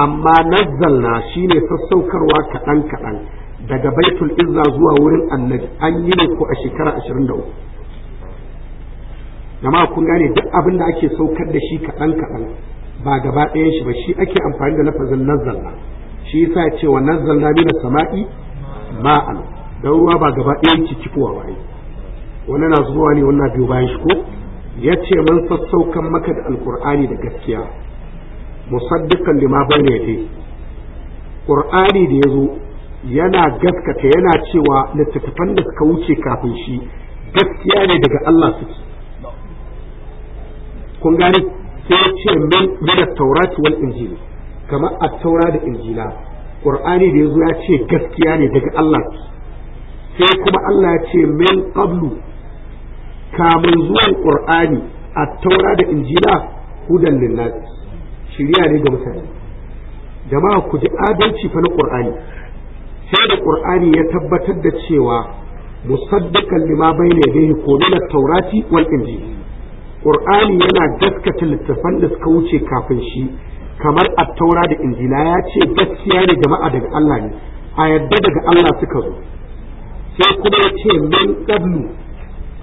amma nazzalna shine sassaukarwa kaɗan kaɗan daga baitul izza zuwa wurin annabi an yi ne ko a shekara 23 jama'a kun gane duk abin da ake saukar da shi kaɗan kaɗan ba gaba ɗayan shi ba shi ake amfani da lafazin nazzalna shi yasa ya ce wa nazzalna min sama'i ma'an dan ruwa ba gaba ɗayan ci cikuwa ba wannan na zuwa ne wannan biyo bayan shi ko yace mun sassaukan maka da alqur'ani da gaskiya musaddiqan lima bayna ce. qur'ani da yazo yana gaskata yana cewa littattafan da suka wuce kafin shi gaskiya ne daga Allah suke kun gani sai ya ce min min at-taurati wal injil kama at-taura da injila qur'ani da yazo ya ce gaskiya ne daga Allah sai kuma Allah ya ce min qablu kamun zuwan qur'ani at-taura da injila hudan lin-nas shirya ne ga mutane jama'a ku ji adalci fa na qur'ani sai da qur'ani ya tabbatar da cewa musaddiqan lima bayna yadayhi ko min at-taurati wal injil qur'ani yana gaskata littafan da suka wuce kafin shi kamar at-taura da injila ya ce gaskiya ne jama'a daga Allah ne a yadda daga Allah suka zo sai kuma ya ce min qablu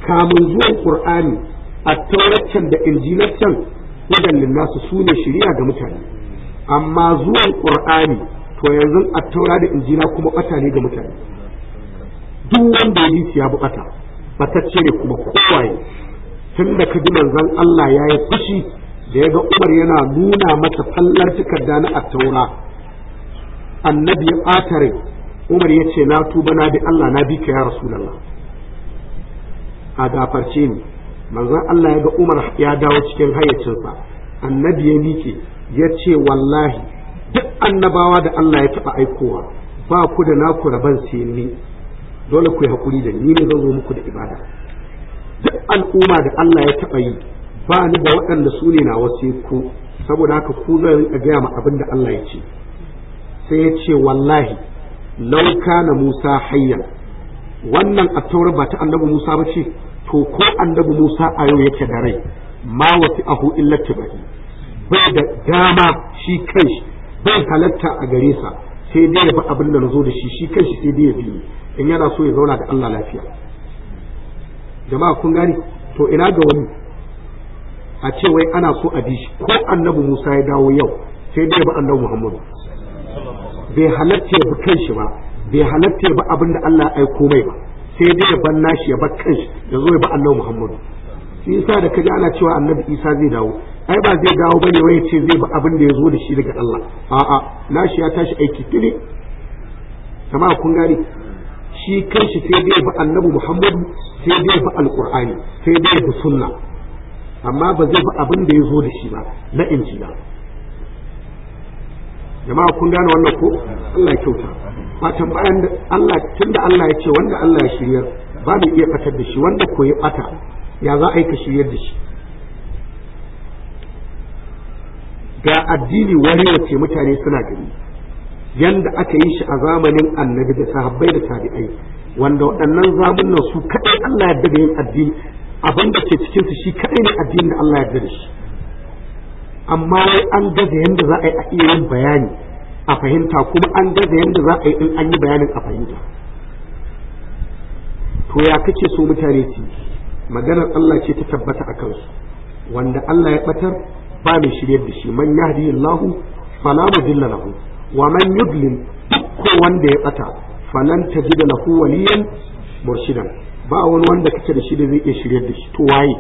kamun zuwan qur'ani at da injilaccen hudan nasu su ne shari'a ga mutane amma zuwan ƙur'ani, to yanzu a taura da injina kuma bata ne ga mutane duk wanda ya bi ya bata batacce ne kuma kowaye tun da ji manzon Allah ya yi fushi da ya ga Umar yana nuna masa fallar takarda na attaura annabi ya ɓatare Umar ya ce na tuba na bi Allah na bi ka ya Rasulallah a gafarce ni manzon Allah ya ga Umar ya dawo cikin hayyacinsa annabi ya miƙe ya ce wallahi duk annabawa da Allah ya taɓa aikowa ba ku da naku raban sai ni dole ku yi haƙuri da ni ne zan zo muku da ibada duk al'umma da Allah ya taɓa yi ba ni da waɗanda su ne na wasu ku saboda haka ku zan rinka gaya ma abin da Allah ya ce sai ya ce wallahi lauka na Musa hayyan wannan a taurar ba ta annabi Musa ba ce to ko annabi Musa a yau yake da rai ma wasi ahu illa tibai bai da dama shi kanshi bai halatta a gare sa sai dai ya bi abin da nazo da shi shi kanshi sai dai ya bi in yana so ya zauna da Allah lafiya jama'a kun gani to ina ga wani a ce wai ana so a bi shi ko annabi Musa ya dawo yau sai dai ya bi annabi Muhammadu bai halatta ya bi kanshi ba bai halatta ya bi abin da Allah ya aiko mai ba sai dai ya bar nashi ya bar kanshi ya zo ya ba Allah muhammadu shi yasa da kaji ana cewa annabi isa zai dawo ai ba zai dawo bane wai ce zai ba abin da ya zo da shi daga Allah a'a nashi ya tashi aiki tuni sama kun gane shi kanshi sai dai ba annabi muhammadu sai dai ba alqur'ani sai dai ba sunna amma ba zai ba abin da ya zo da shi ba na injila jama'a kun gane wannan ko Allah ya kyauta fatan bayan da Allah tunda Allah ya ce wanda Allah ya shiryar ba mu iya fatar da shi wanda ko ya bata ya za a yi ka shiryar da shi ga addini wani wace mutane suna gani yanda aka yi shi a zamanin annabi da sahabbai da tabi'ai wanda waɗannan zamunan su kaɗai Allah ya daga yin addini abin da ke cikinsu shi kaɗai ne addini da Allah ya da shi amma wai an gaza yadda za a yi a iya yin bayani a fahimta kuma an gaza yadda za a yi in an yi bayanin a fahimta to ya kace so mutane su maganar Allah ce ta tabbata a kansu wanda Allah ya batar ba mai shiryar da shi man yahdihillahu fala mudilla lahu wa man yudlil ko wanda ya bata falan tajida lahu waliyan murshidan ba wani wanda kace da shi da zai iya shiryar da shi to waye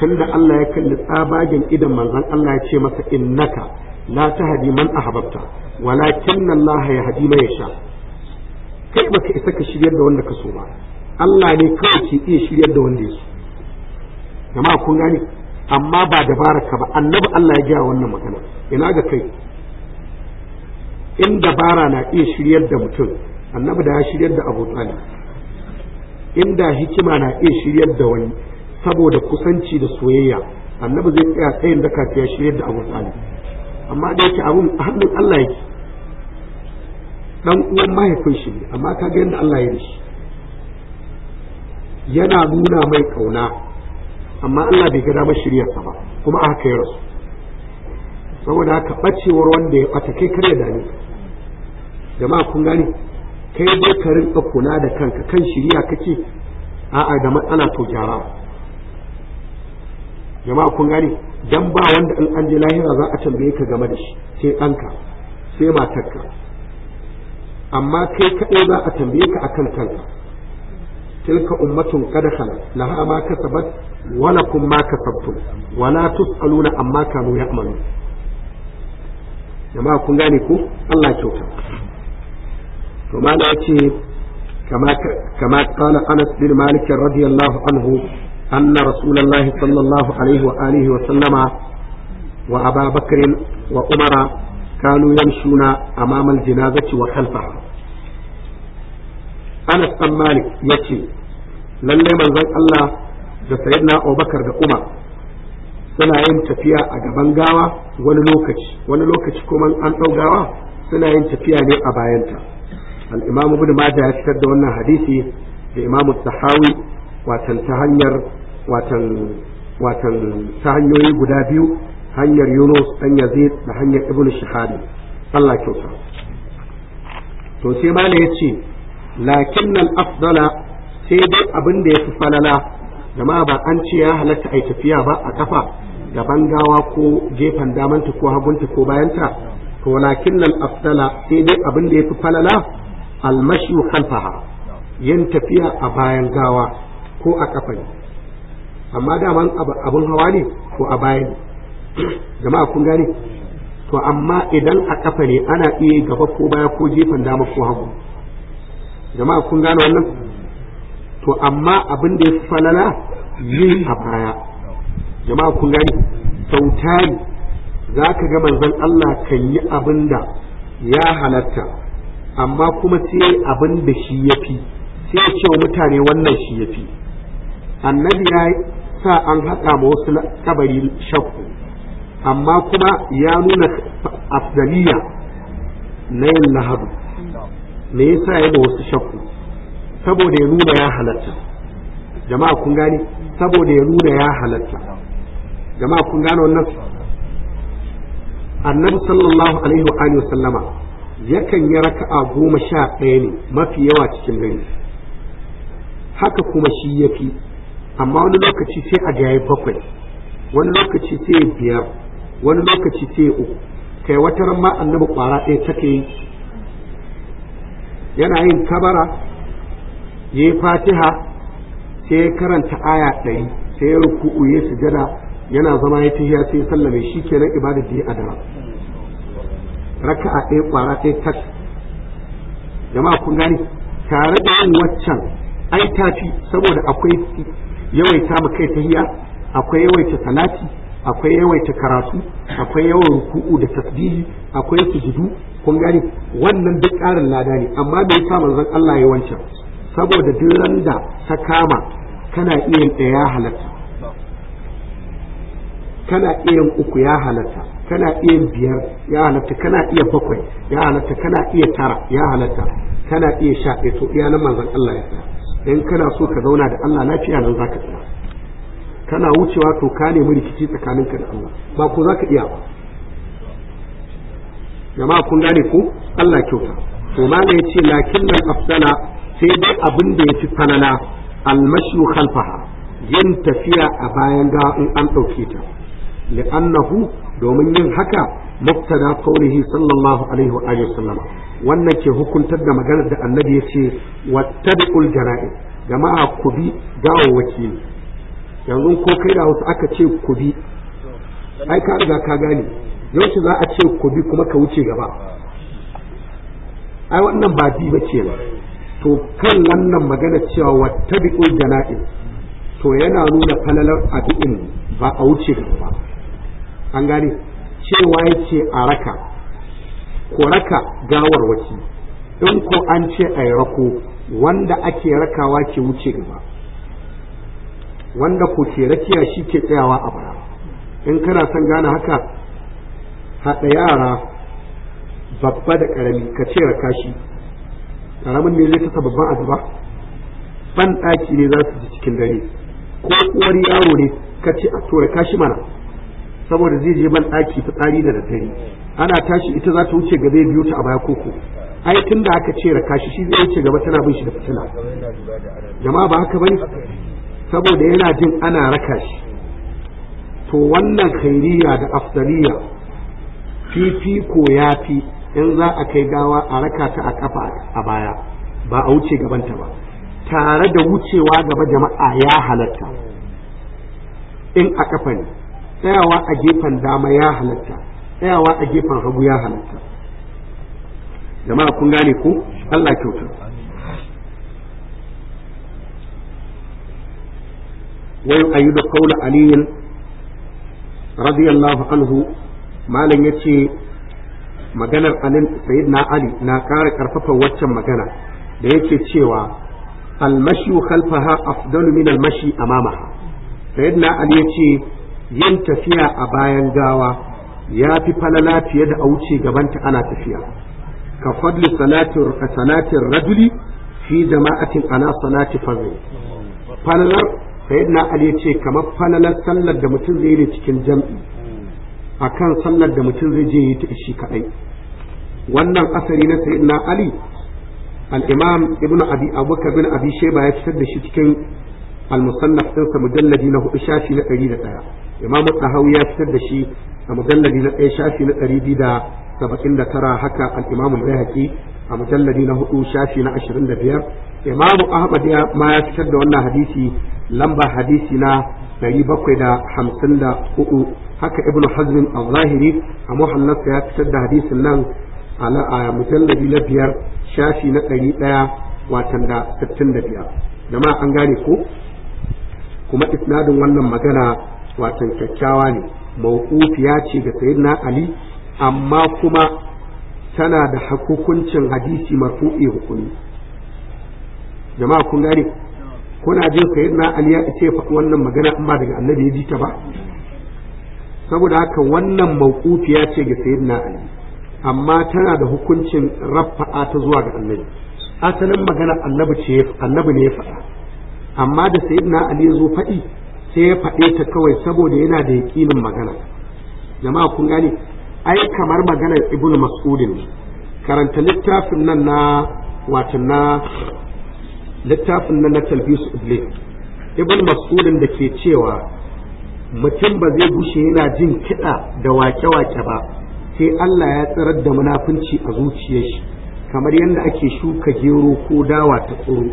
tunda Allah ya kalli tsabagen idan manzon Allah ya ce masa innaka la tahdi man ahbabta walakin Allah hadi mai sha. kai baka isa ka shiryar da wanda ka so ba Allah ne kawai ke iya shiryar da wanda ya so jama'a kun gani amma ba baraka ba annabi Allah ya gaya wannan magana ina ga kai in dabara na iya shiryar da mutum annabi da ya shiryar da Abu Talib inda hikima na iya shiryar da wani saboda kusanci da soyayya annabi zai tsaya tsayin da kafiya shi yadda abu tsali amma da yake abun a hannun Allah yake dan uwan mahaifin shi ne amma ta ga yadda Allah ya yi shi yana nuna mai kauna amma Allah bai gada shirya sa ba kuma a haka ya rasu saboda haka bacewar wanda ya bata kai kare da ni jama'a kun gani kai dai ka rinka kula da kanka kan shirya kake a'a da matsala to gyara jama'a kun gane dan ba wanda in an je lahira za a tambaye ka game da shi sai ɗanka sai matarka amma kai kaɗai za a tambaye ka akan kanka tilka ummatun qad khalat laha ma ka kasabat wala kun ma kasabtum wa la tusaluna amma kanu ya'malu jama'a kun gane ko Allah kyauta to mala ce kama kama kana Anas bin Malik radiyallahu anhu أن رسول الله صلى الله عليه وآله وسلم وأبا بكر وعمر كانوا يمشون أمام الجنازة وخلفها أنس بن مالك يشي lalle manzon Allah da sayyidina Abubakar da Umar suna yin tafiya a gaban gawa wani lokaci wani lokaci kuma an ɗau gawa suna yin tafiya ne a bayanta al-Imam Ibn ya fitar da wannan hadisi da Imam Sahawi watan ta hanyar watan ta hanyoyi guda biyu hanyar Yunus dan Yazid da hanyar Ibn Shihab Allah kyauta to sai ma ne yace lakin afdala sai dai abin da yafi falala da ma ba an ce ya halatta ai tafiya ba a kafa da gawa ko jefan damanta ko hagunta ko bayanta to lakin afdala sai dai abin da yafi falala almashu khalfaha yin tafiya a bayan gawa ko a kafa ne amma daman abun hawa ne ko a baya ne jama'a kun gane to amma idan a kafa ne ana iya gaba ko baya ko jefan dama ko hagu jama'a kun gane wannan to amma abin da ya fi falala yin a baya jama'a kun gane sautari za ka ga manzon Allah kan yi abin da ya halatta amma kuma sai abin da shi ya fi sai ya ce wa mutane wannan shi ya fi annabi ya sa an haɗa ma wasu kabari shakku amma kuma ya nuna afdaliya na yin lahabu me yasa ya da wasu shakku saboda ya nuna ya halatta jama'a kun gane saboda ya nuna ya halatta jama'a kun gane wannan annabi sallallahu alaihi wa alihi wa sallama yakan yi raka'a goma sha ɗaya ne mafi yawa cikin gari, haka kuma shi ya fi amma wani lokaci sai a ga bakwai wani lokaci sai biyar wani lokaci sai uku kai wata ran ma annabi kwara ɗaya take yi yana yin kabara ya yi fatiha sai ya karanta aya ɗari sai ya ruku'u ya sujada yana zama ya tahiya sai ya sallame shi kenan ibada da ya adara raka'a ɗaya kwara ɗaya tak jama'a kun gani tare da yin waccan ai tafi saboda akwai yawaita ba kai ta tahiya akwai yawaita salati akwai yawaita karatu akwai yawan ruku'u da tasbihi akwai sujudu kun gane wannan duk ƙarin lada ne amma bai sa manzon Allah ya wancan saboda duk da ta kama kana iya ɗaya halatta kana iya uku ya halatta kana iya biyar ya halatta kana iya bakwai ya halatta kana iya tara ya halatta kana iya sha to iya na manzon Allah ya tsaya in kana so ka zauna da Allah lafiya nan zaka tsaya kana wucewa to ka nemi rikici tsakaninka da Allah ba ko zaka iya ba jama'a kun gane ko Allah kyauta to ne yace lakin nan afsala sai dai abin da yafi falala almashu khalfaha yin tafiya a bayan ga in an dauke ta li'annahu domin yin haka muktada qawlihi sallallahu alaihi wa alihi wannan ke hukuntar da maganar da annabi ya ce wattabi'ul jara'i jama'a ku bi gawo ne yanzu ko kai da wasu aka ce ku bi ai ka riga ka gane yaushe za a ce ku bi kuma ka wuce gaba ai wannan ba bi ba ce ba to kan wannan magana cewa wattabi'ul jana'iz to yana nuna falalar abin ba a wuce gaba ba an gane cewa ce a raka ko raka gawarwaki in ko an ce a yi rako wanda ake rakawa ke wuce gaba wanda ko ke rakiya shi ke tsayawa a bara in kana son gane haka haɗa yara babba da ƙarami ka ce raka shi ƙaramin ne zai kasa babban azuba ban ɗaki ne za su ji cikin dare ko uwar yaro ne ka ce a tura kashi mana saboda zai je ban ɗaki tsari da daddare ana tashi ita za ta wuce zai biyo ta a baya koko ai tun da aka ce raka shi shi zai wuce gaba tana bin shi da fitina jama'a ba haka bane saboda yana jin ana raka shi to wannan khairiya da afdaliya fifiko ya fi in za a kai gawa a raka ta a kafa a baya ba a wuce gaban ta ba tare da wucewa gaba jama'a ya halatta in a kafa ne tsayawa a gefen dama ya halatta tsayawa a gefen hagu ya halatta jama'a kun gane ko Allah kyauta wa yu'ayyidu kaula aliyin radiyallahu anhu malam yace maganar alin sayyidina ali na kara karfafa waccan magana da yake cewa almashi khalfaha afdalu min almashi amamaha sayyidina ali yace yin tafiya a bayan gawa ya fi falala fiye da a wuce gabanta ana tafiya ka fadli salatin raduli, fi jama'atin ana salati fazil falalar na ali ce kamar falalar sallar da mutum zai yi cikin jam'i a kan sallar da mutum zai je yi ta ishi kaɗai. wannan asali na sai ali al-imam ibnu abi abubakar bin abi sheba ya fitar da shi cikin al-musannaf din mujalladi na hudu shafi na ɗari da ɗaya. imamu ɗahau ya fitar da shi a mujalladi na ɗaya shafi na ɗari biyu da saba'in da tara haka Al'imamu imamu a mujalladi na hudu shafi na ashirin da biyar imamu ahmad ya ma ya fitar da wannan hadisi lamba hadisi na ɗari bakwai da hamsin da hudu haka ibn hazmin a zahiri a muhallarsa ya fitar da hadisin nan a mujalladi na biyar shafi na ɗari ɗaya watan da sittin da biyar jama'a an gane ko kuma isnadin wannan magana watan kyakkyawa ne mawqufiya ce ga sayyidina ali amma kuma tana da hukuncin hadisi marfu'i hukumi jama'a kun gane kuna jin sayyidina ali ya ce fa wannan magana amma daga annabi ya ji ba saboda haka wannan mawqufiya ce ga sayyidina ali amma tana da hukuncin rafa'a ta zuwa ga annabi asalin magana annabi ne ya faɗa amma da sayyidina ali ya zo faɗi sai ya faɗe ta kawai saboda yana da yaƙinin magana jama'a kun gane ai kamar maganar ibn mas'udin karanta littafin nan na wato na littafin nan na talbis iblis ibn mas'udin da ke cewa mutum ba zai gushe yana jin kiɗa da wake-wake ba sai Allah ya tsirar da munafunci a zuciyar shi kamar yadda ake shuka gero ko dawa ta tsoro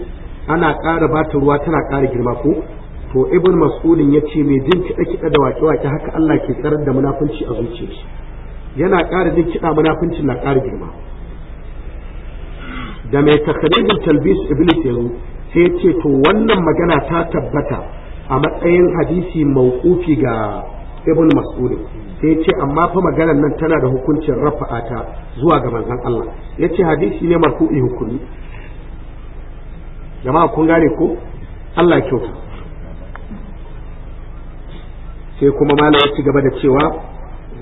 ana ƙara bata ruwa tana ƙara girma ko to ibn mas'udin ya ce mai jin kiɗa kiɗa da waƙe waƙe haka Allah ke tsarar da munafunci a zuciyarsa yana ƙara jin kiɗa munafuncin na ƙara girma da mai takarijin talbis ibn teru sai ce to wannan magana ta tabbata a matsayin hadisi mawqufi ga ibn mas'udin sai ce amma fa maganar nan tana da hukuncin rafa'a ta zuwa ga manzon Allah yace hadisi ne marfu'i hukumi jama'a kun gane ko Allah kyauta sai kuma mana ya ci gaba da cewa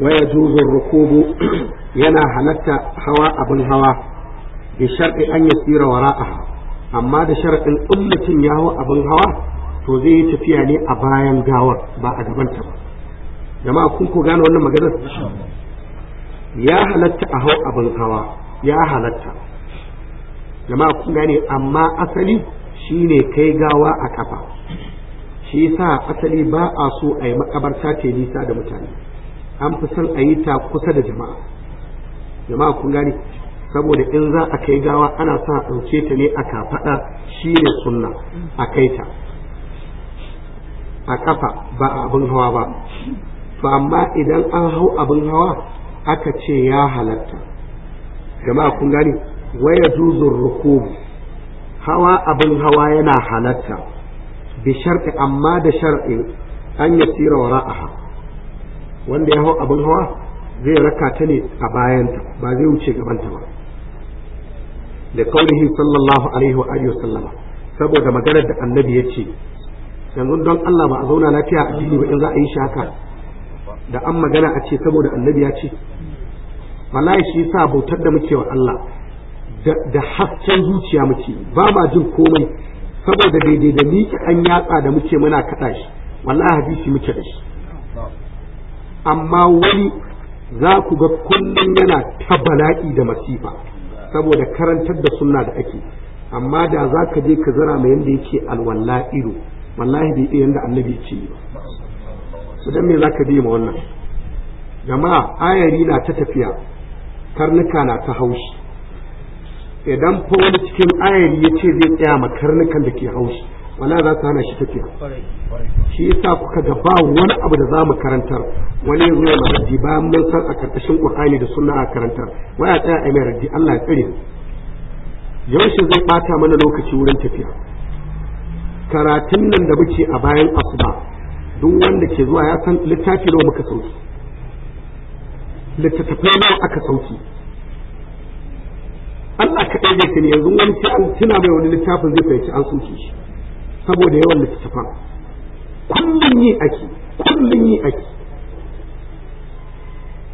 waya juzur rukubu yana halatta hawa abin hawa bi sharɗi an yasira wara'aha amma da sharaɗin in mutum ya hawa abin hawa to zai yi tafiya ne a bayan gawar ba a gabanta ba jama'a kun ko gane wannan maganar ya halatta a hau abin hawa ya halatta jama'a kun gane amma asali shine kai gawa a kafa shi sa asali ba a so a yi makabarta ce nisa da mutane an fi son a yi ta kusa da jama'a jama'a kun gani saboda in za a kai gawa ana sa a ɗauke ta ne a kafaɗa shi ne sunna a kai ta a ƙafa ba a abin hawa ba to amma idan an hau abin hawa aka ce ya halatta jama'a kun gani waya juzur rukubu hawa abin hawa yana halatta bi sharti amma da sharti an yasira ra'aha, wanda ya hau abin hawa zai raka ta ne a bayanta ba zai wuce gabanta ba da kaurihi sallallahu alaihi wa alihi sallama saboda maganar da annabi yace ce yanzu don Allah ba a zauna lafiya a jini ba in za a yi haka da an magana a ce saboda annabi ya ce wallahi shi yasa bautar da muke wa Allah da hasken zuciya muke ba ma jin komai saboda daidai da miki an yatsa da muke muna kaɗa shi wallahi hadisi muke da shi amma wani za ku ga kullum yana ta bala'i da masifa saboda karantar da sunna da ake amma da za ka je ka zara mai yadda yake alwala ido wallahi bai iya yadda annabi ce ba su me za ka ma wannan jama'a ayari na ta tafiya karnuka na ta haushi idan fa wani cikin ayari ya ce zai tsaya ma karnukan da ke haushi wala za su hana shi tafiya shi yasa kuka ga ba wani abu da za mu karantar wani ya zuwa maraddi bayan mun san a karkashin qur'ani da suna a karantar waya tsaya a mai raddi Allah ya tsare yaushe zai bata mana lokaci wurin tafiya karatun nan da muke a bayan asuba duk wanda ke zuwa ya san littafi nawa muka sauki littattafai nawa aka sauki Allah ka ɗaya ne yanzu wani sai an tuna mai wani littafin zai fahimci an soke shi saboda yawan littattafan kullum yi ake kullum yi ake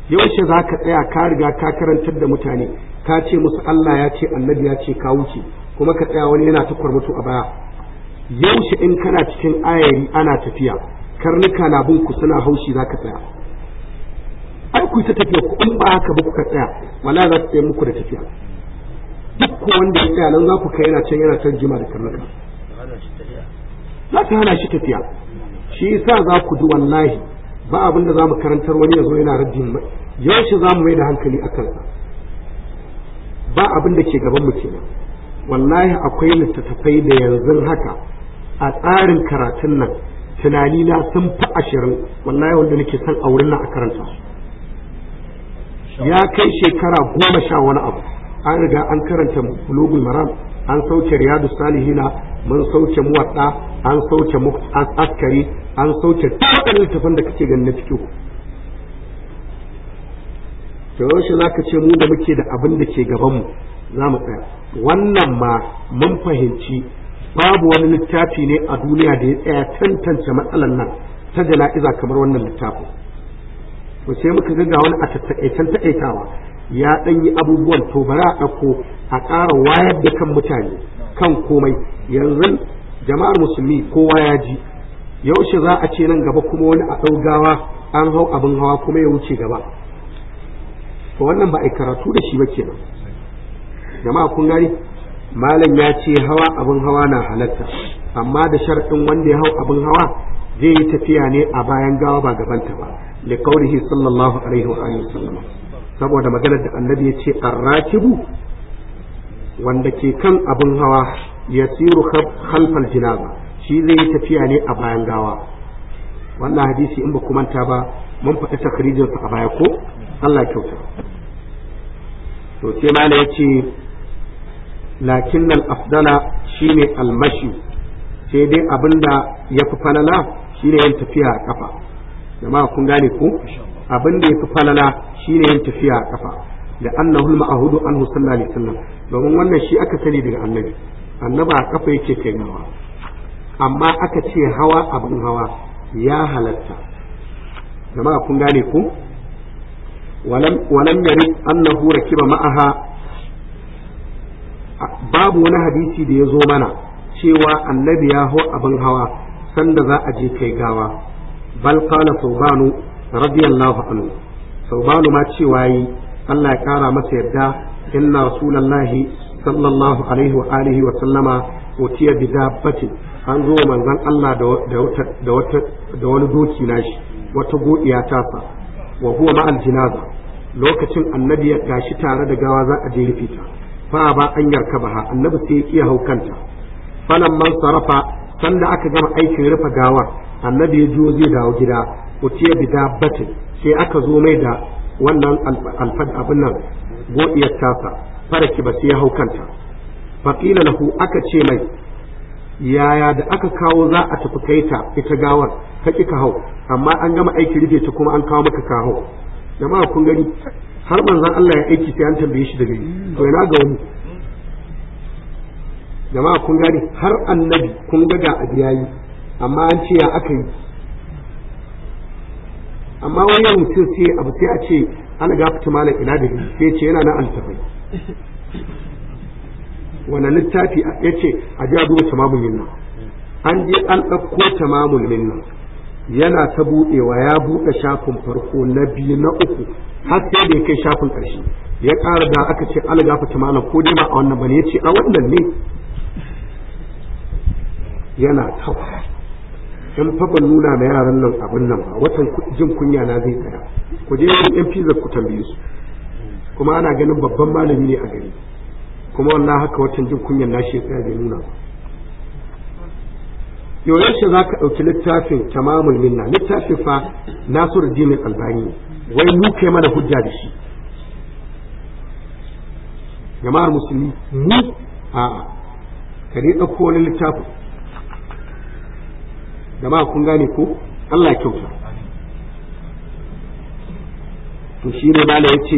yaushe za ka tsaya ka riga ka karantar da mutane ka ce musu Allah ya ce annabi ya ce ka wuce kuma ka tsaya wani yana tukwar mutu a baya yaushe in kana cikin ayari ana tafiya karnuka na bin ku suna haushi za ka tsaya ai ku ta tafiya ku in ba haka ba ku ka tsaya wala za ta tsaye muku da tafiya ko wanda ya tsaya nan za ku kai yana can yana can jima da karnuka za ta hana shi tafiya shi yasa za ku ji wallahi ba abin da za mu karantar wani yana zo yana yau shi za mu mai da hankali a kansa ba abin da ke gaban mu ke nan wallahi akwai littattafai da yanzu haka a tsarin karatun nan tunani na sun fi ashirin wallahi wanda nake son a wurin na a karanta ya kai shekara goma sha wani abu an riga an karanta bulugul maram an sauke riyadu salihina mun sauke muwadda an sauke askari an sauke ɗan littafin da kake ganin na fikihu to yaushe za ka ce mu da muke da abin da ke gabanmu za mu tsaya wannan ma mun fahimci babu wani littafi ne a duniya da ya tsaya tantance matsalar nan ta jana'iza kamar wannan littafin to sai muka ga wani a taƙaitan taƙaitawa ya ɗan yi abubuwan to bara a ɗauko a ƙara wayar da kan mutane kan komai yanzu jama'ar musulmi kowa ya ji yaushe za a ce nan gaba kuma wani a gawa an hau abin hawa kuma ya wuce gaba to wannan ba a karatu da shi ba nan. jama'a kun gani malam ya ce hawa abin hawa na halatta amma da sharaɗin wanda ya hau abin hawa zai yi tafiya ne a bayan gawa ba gabanta ba liqaulihi sallallahu alaihi wa alihi saboda maganar da annabi ya ce arrakibu wanda ke kan abin hawa ya siru khalfal jinaba shi zai yi tafiya ne a bayan gawa wannan hadisi in ba ku manta ba mun faɗi takrijin a baya ko Allah kyauta to sai ma ya ce lakin nan afdala shine almashi sai dai abinda ya fi falala shine yin tafiya a kafa jama'a kun gane ko abin da fi falala shine yin tafiya a kafa da annahu ma'hudu anhu sallallahu alaihi wasallam domin wannan shi aka sani daga annabi annaba a kafa yake kainawa amma aka ce hawa abin hawa ya halatta jama'a kun gane ku walam yari annahu rakiba ma'aha babu wani hadisi da ya zo mana cewa annabi ya hau abin hawa sanda za a je kai gawa bal qala thawbanu radiyallahu anhu saubanu ma cewa yi Allah ya kara masa yadda. inna rasulullahi sallallahu alaihi wa alihi wa sallama utiya bi dabbatin an zo manzon Allah da wata da wani doki nashi wata godiya ta sa wa huwa ma'al jinaza lokacin annabi ya gashi tare da gawa za a je rufe ta fa ba an yarka ba annabi sai ya kiya haukanta falan man sarafa sanda aka gama aikin rufe gawar annabi ya zai dawo gida kutiya bi dabbatin sai aka zo mai da wannan alfad abin nan godiyar tasa fara ki sai ya hau kanta faqila lahu aka ce mai yaya da aka kawo za a tafi kai ta ita gawar ta ka hau amma an gama aiki rufe ta kuma an kawo maka ka hau jama'a kun gani har manzon Allah ya aiki sai an tambaye shi daga to ina ga wani jama'a kun gani har annabi kun ga ga yi, amma an ce ya aka yi amma wani mutum sai abu sai a ce ana malam ina da sai ce yana na tafi wani littafi ya ce a ji mamun yin nan an je an ɗauko yin nan yana ta buɗewa ya buɗe shafin farko na biyu na uku har sai da ya kai shafin ƙarshe ya ƙara da aka ce an gafata malam ko dai a wannan bane ya ce a wannan ne yana tawa dan faban nuna na yaran nan abin nan ba watan jin kunya na zai tsaya ku je yan fiza ku tambaye su kuma ana ganin babban malami ne a gari kuma wallahi haka watan jin kunyan na ya tsaya zai nuna ba yaushe za ka ɗauki littafin tamamul minna littafin fa nasiru dini albani wai mu kai mana hujja da shi jama'ar musulmi mu a ka dai ɗauko wani littafin jama'a kun gane ko Allah ya kyauta to shi ne bala ya ce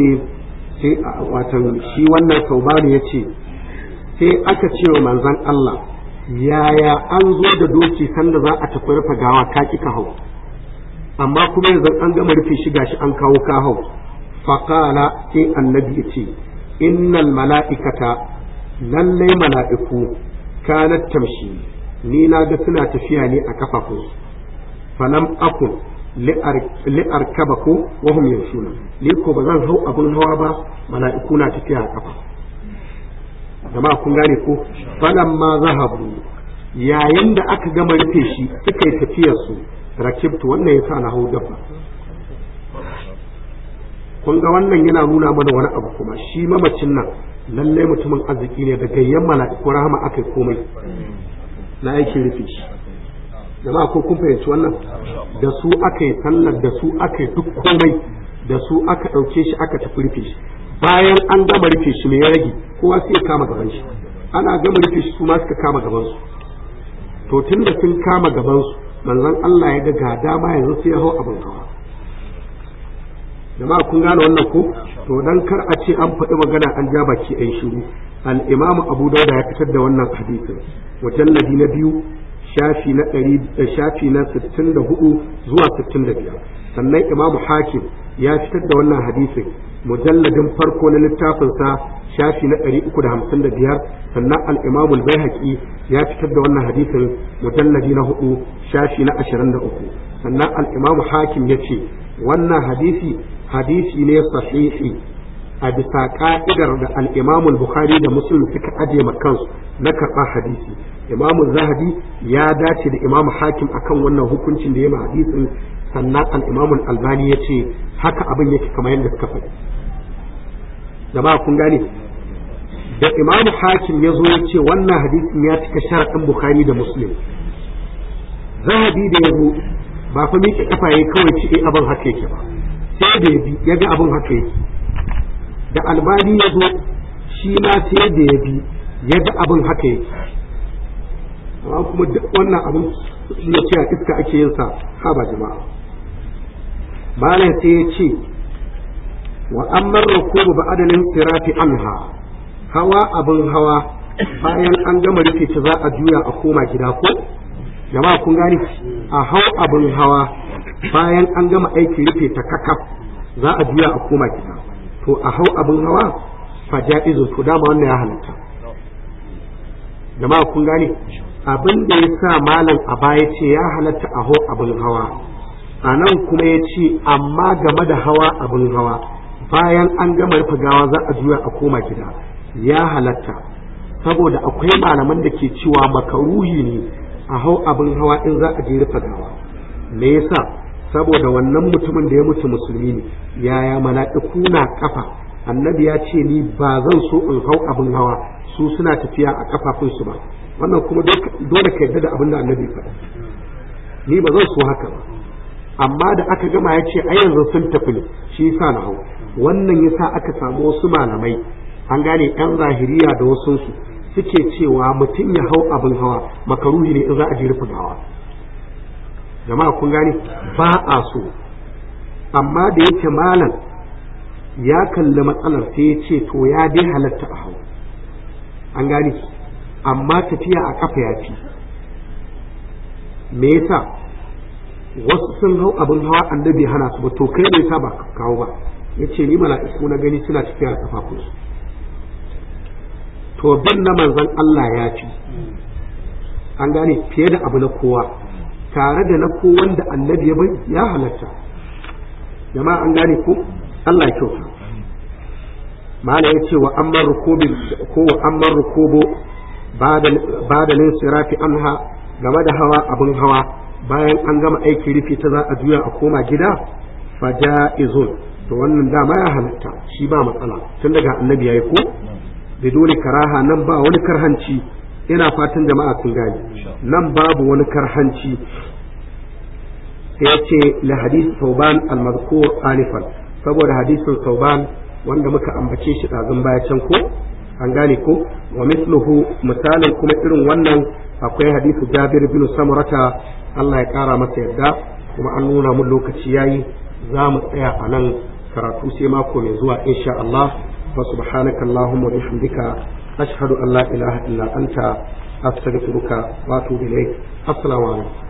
sai watan shi wannan saubani ya ce sai aka ce wa manzon Allah yaya an zo da doki sanda za a tafi rufe gawa ka ki ka hau amma kuma yanzu an gama rufe shi gashi an kawo ka hau faqala sai annabi yace innal mala'ikata lallai mala'iku kanat tamshi ni na ga suna tafiya ne a kafafu falam akun li'ar kaba ko wahum suna, ni ko ba zan hau abin hawa ba mala'iku na tafiya a kafa jama'a kun gane ko falan ma zahabu yayin da aka gama rufe shi suka yi tafiyar su rakibtu wannan yasa na hau dabba kun ga wannan yana nuna mana wani abu kuma shi mamacin nan lallai mutumin arziki ne daga yamma na rahama akai komai na aikin rufe shi jama'a ko kun fahimci wannan da su aka yi sallar da su aka yi duk komai da su aka ɗauke shi aka tafi rufe shi bayan an gama rufe shi ne ya rage kowa sai ya kama gaban shi ana gama rufe shi su ma suka kama gaban su to tun da sun kama gaban su manzon Allah ya ga ga dama yanzu sai ya hau abin hawa jama'a kun gane wannan ko to dan kar a ce an faɗi magana an ja baki ai shiru al-imam abu dauda ya fitar da wannan hadisin mujalladi na biyu shafi na ɗari eh, sittin da hudu zuwa sittin da biyar sannan imamu hakim ya fitar da wannan hadisin mujalladin farko na littafinsa shafi na ɗari uku da hamsin da biyar sannan al'imamu al-baihaqi ya fitar da wannan hadisin mujalladi na hudu shafi na ashirin da uku sannan al'imamu hakim ya ce wannan hadisi hadisi ne sahihi a bisa ka'idar da al-Imam al-Bukhari da Muslim suka aje kansu na karɓar hadisi Imam Zahabi ya dace da Imam Hakim akan wannan hukuncin da ya hadisin sannan al-Imam al-Albani yace haka abin yake kamar yadda suka faɗi jama'a kun gane da Imam Hakim ya zo ya ce wannan hadisin ya cika sharaɗin Bukhari da Muslim Zahabi da ya ba fa miƙe kafa kawai cike abin haka yake ba sai da bi ya ga abin haka yake da albani ya zo shi ma sai da ya bi ya ga abin haka yake amma kuma duk wannan abin ya ce a iska ake yin sa ha ba jama'a malam sai ya ce wa amman rukubu ba adalin sirafi anha hawa abin hawa bayan an gama rufe ta za a juya a koma gida ko jama'a kun gani a hau abin hawa bayan an gama aiki rufe ta kakaf za a juya a koma gida to a hau abin hawa fa ja'izu to dama wannan ya halatta jama'a kun gani abin da ya sa malam a baya ce ya halatta a hau abin hawa a nan kuma ya ce amma game da hawa abin hawa bayan an gama rufe gawa za a juya a koma gida ya halatta saboda akwai malaman da ke cewa makaruhi ne a hau abin hawa in za a je fadawa gawa me yasa saboda wannan mutumin da ya mutu musulmi ne yaya mala'iku na kafa annabi ya ce ni ba zan so in hau abin hawa su suna tafiya a kafafunsu ba wannan kuma dole ka yarda da abin da annabi faɗa ni ba zan so haka ba amma da aka gama ya ce a yanzu sun tafi ne shi yasa na hau wannan yasa aka samu wasu malamai an gane yan zahiriya da wasu su suke cewa mutum ya hau abin hawa makaruhi ne in za a ji rufin hawa jama'a kun gane ba a so amma da yake malam ya kalli matsalar sai ya ce to ya dai halatta a hau an gane amma tafiya a kafa ya fi me yasa wasu sun hau abin hawa annabi hana su ba to kai ne sa ba kawo ba yace ni mala'iku na gani suna tafiya a kafafunsu to bin na manzan Allah ya fi an gane fiye da abu na kowa tare da na kowan da annabi ya bai ya halatta jama'a an gane ko Allah ya kyauta ma'ana ya ce wa amman rukubi ko wa amman rukubo ba da linsirafi game da hawa abin hawa bayan an gama aiki rufi ta za a juya a koma gida faja'izun to wannan dama ya halatta shi ba matsala tun daga annabi ya yi ko bidoni karaha nan ba wani karhanci ina fatan jama'a sun gane nan babu wani karhanci sai ce la hadith sauban al-mazkur alifan saboda hadisin sauban wanda muka ambace shi ɗazun baya can ko an gane ko wa mithluhu misalin kuma irin wannan akwai hadisu jabir bin samurata Allah ya kara masa yadda kuma an nuna mun lokaci yayi za mu tsaya a nan karatu sai mako mai zuwa insha Allah wa subhanaka allahumma wa bihamdika ashhadu an la ilaha illa anta astaghfiruka wa atubu ilayk assalamu alaikum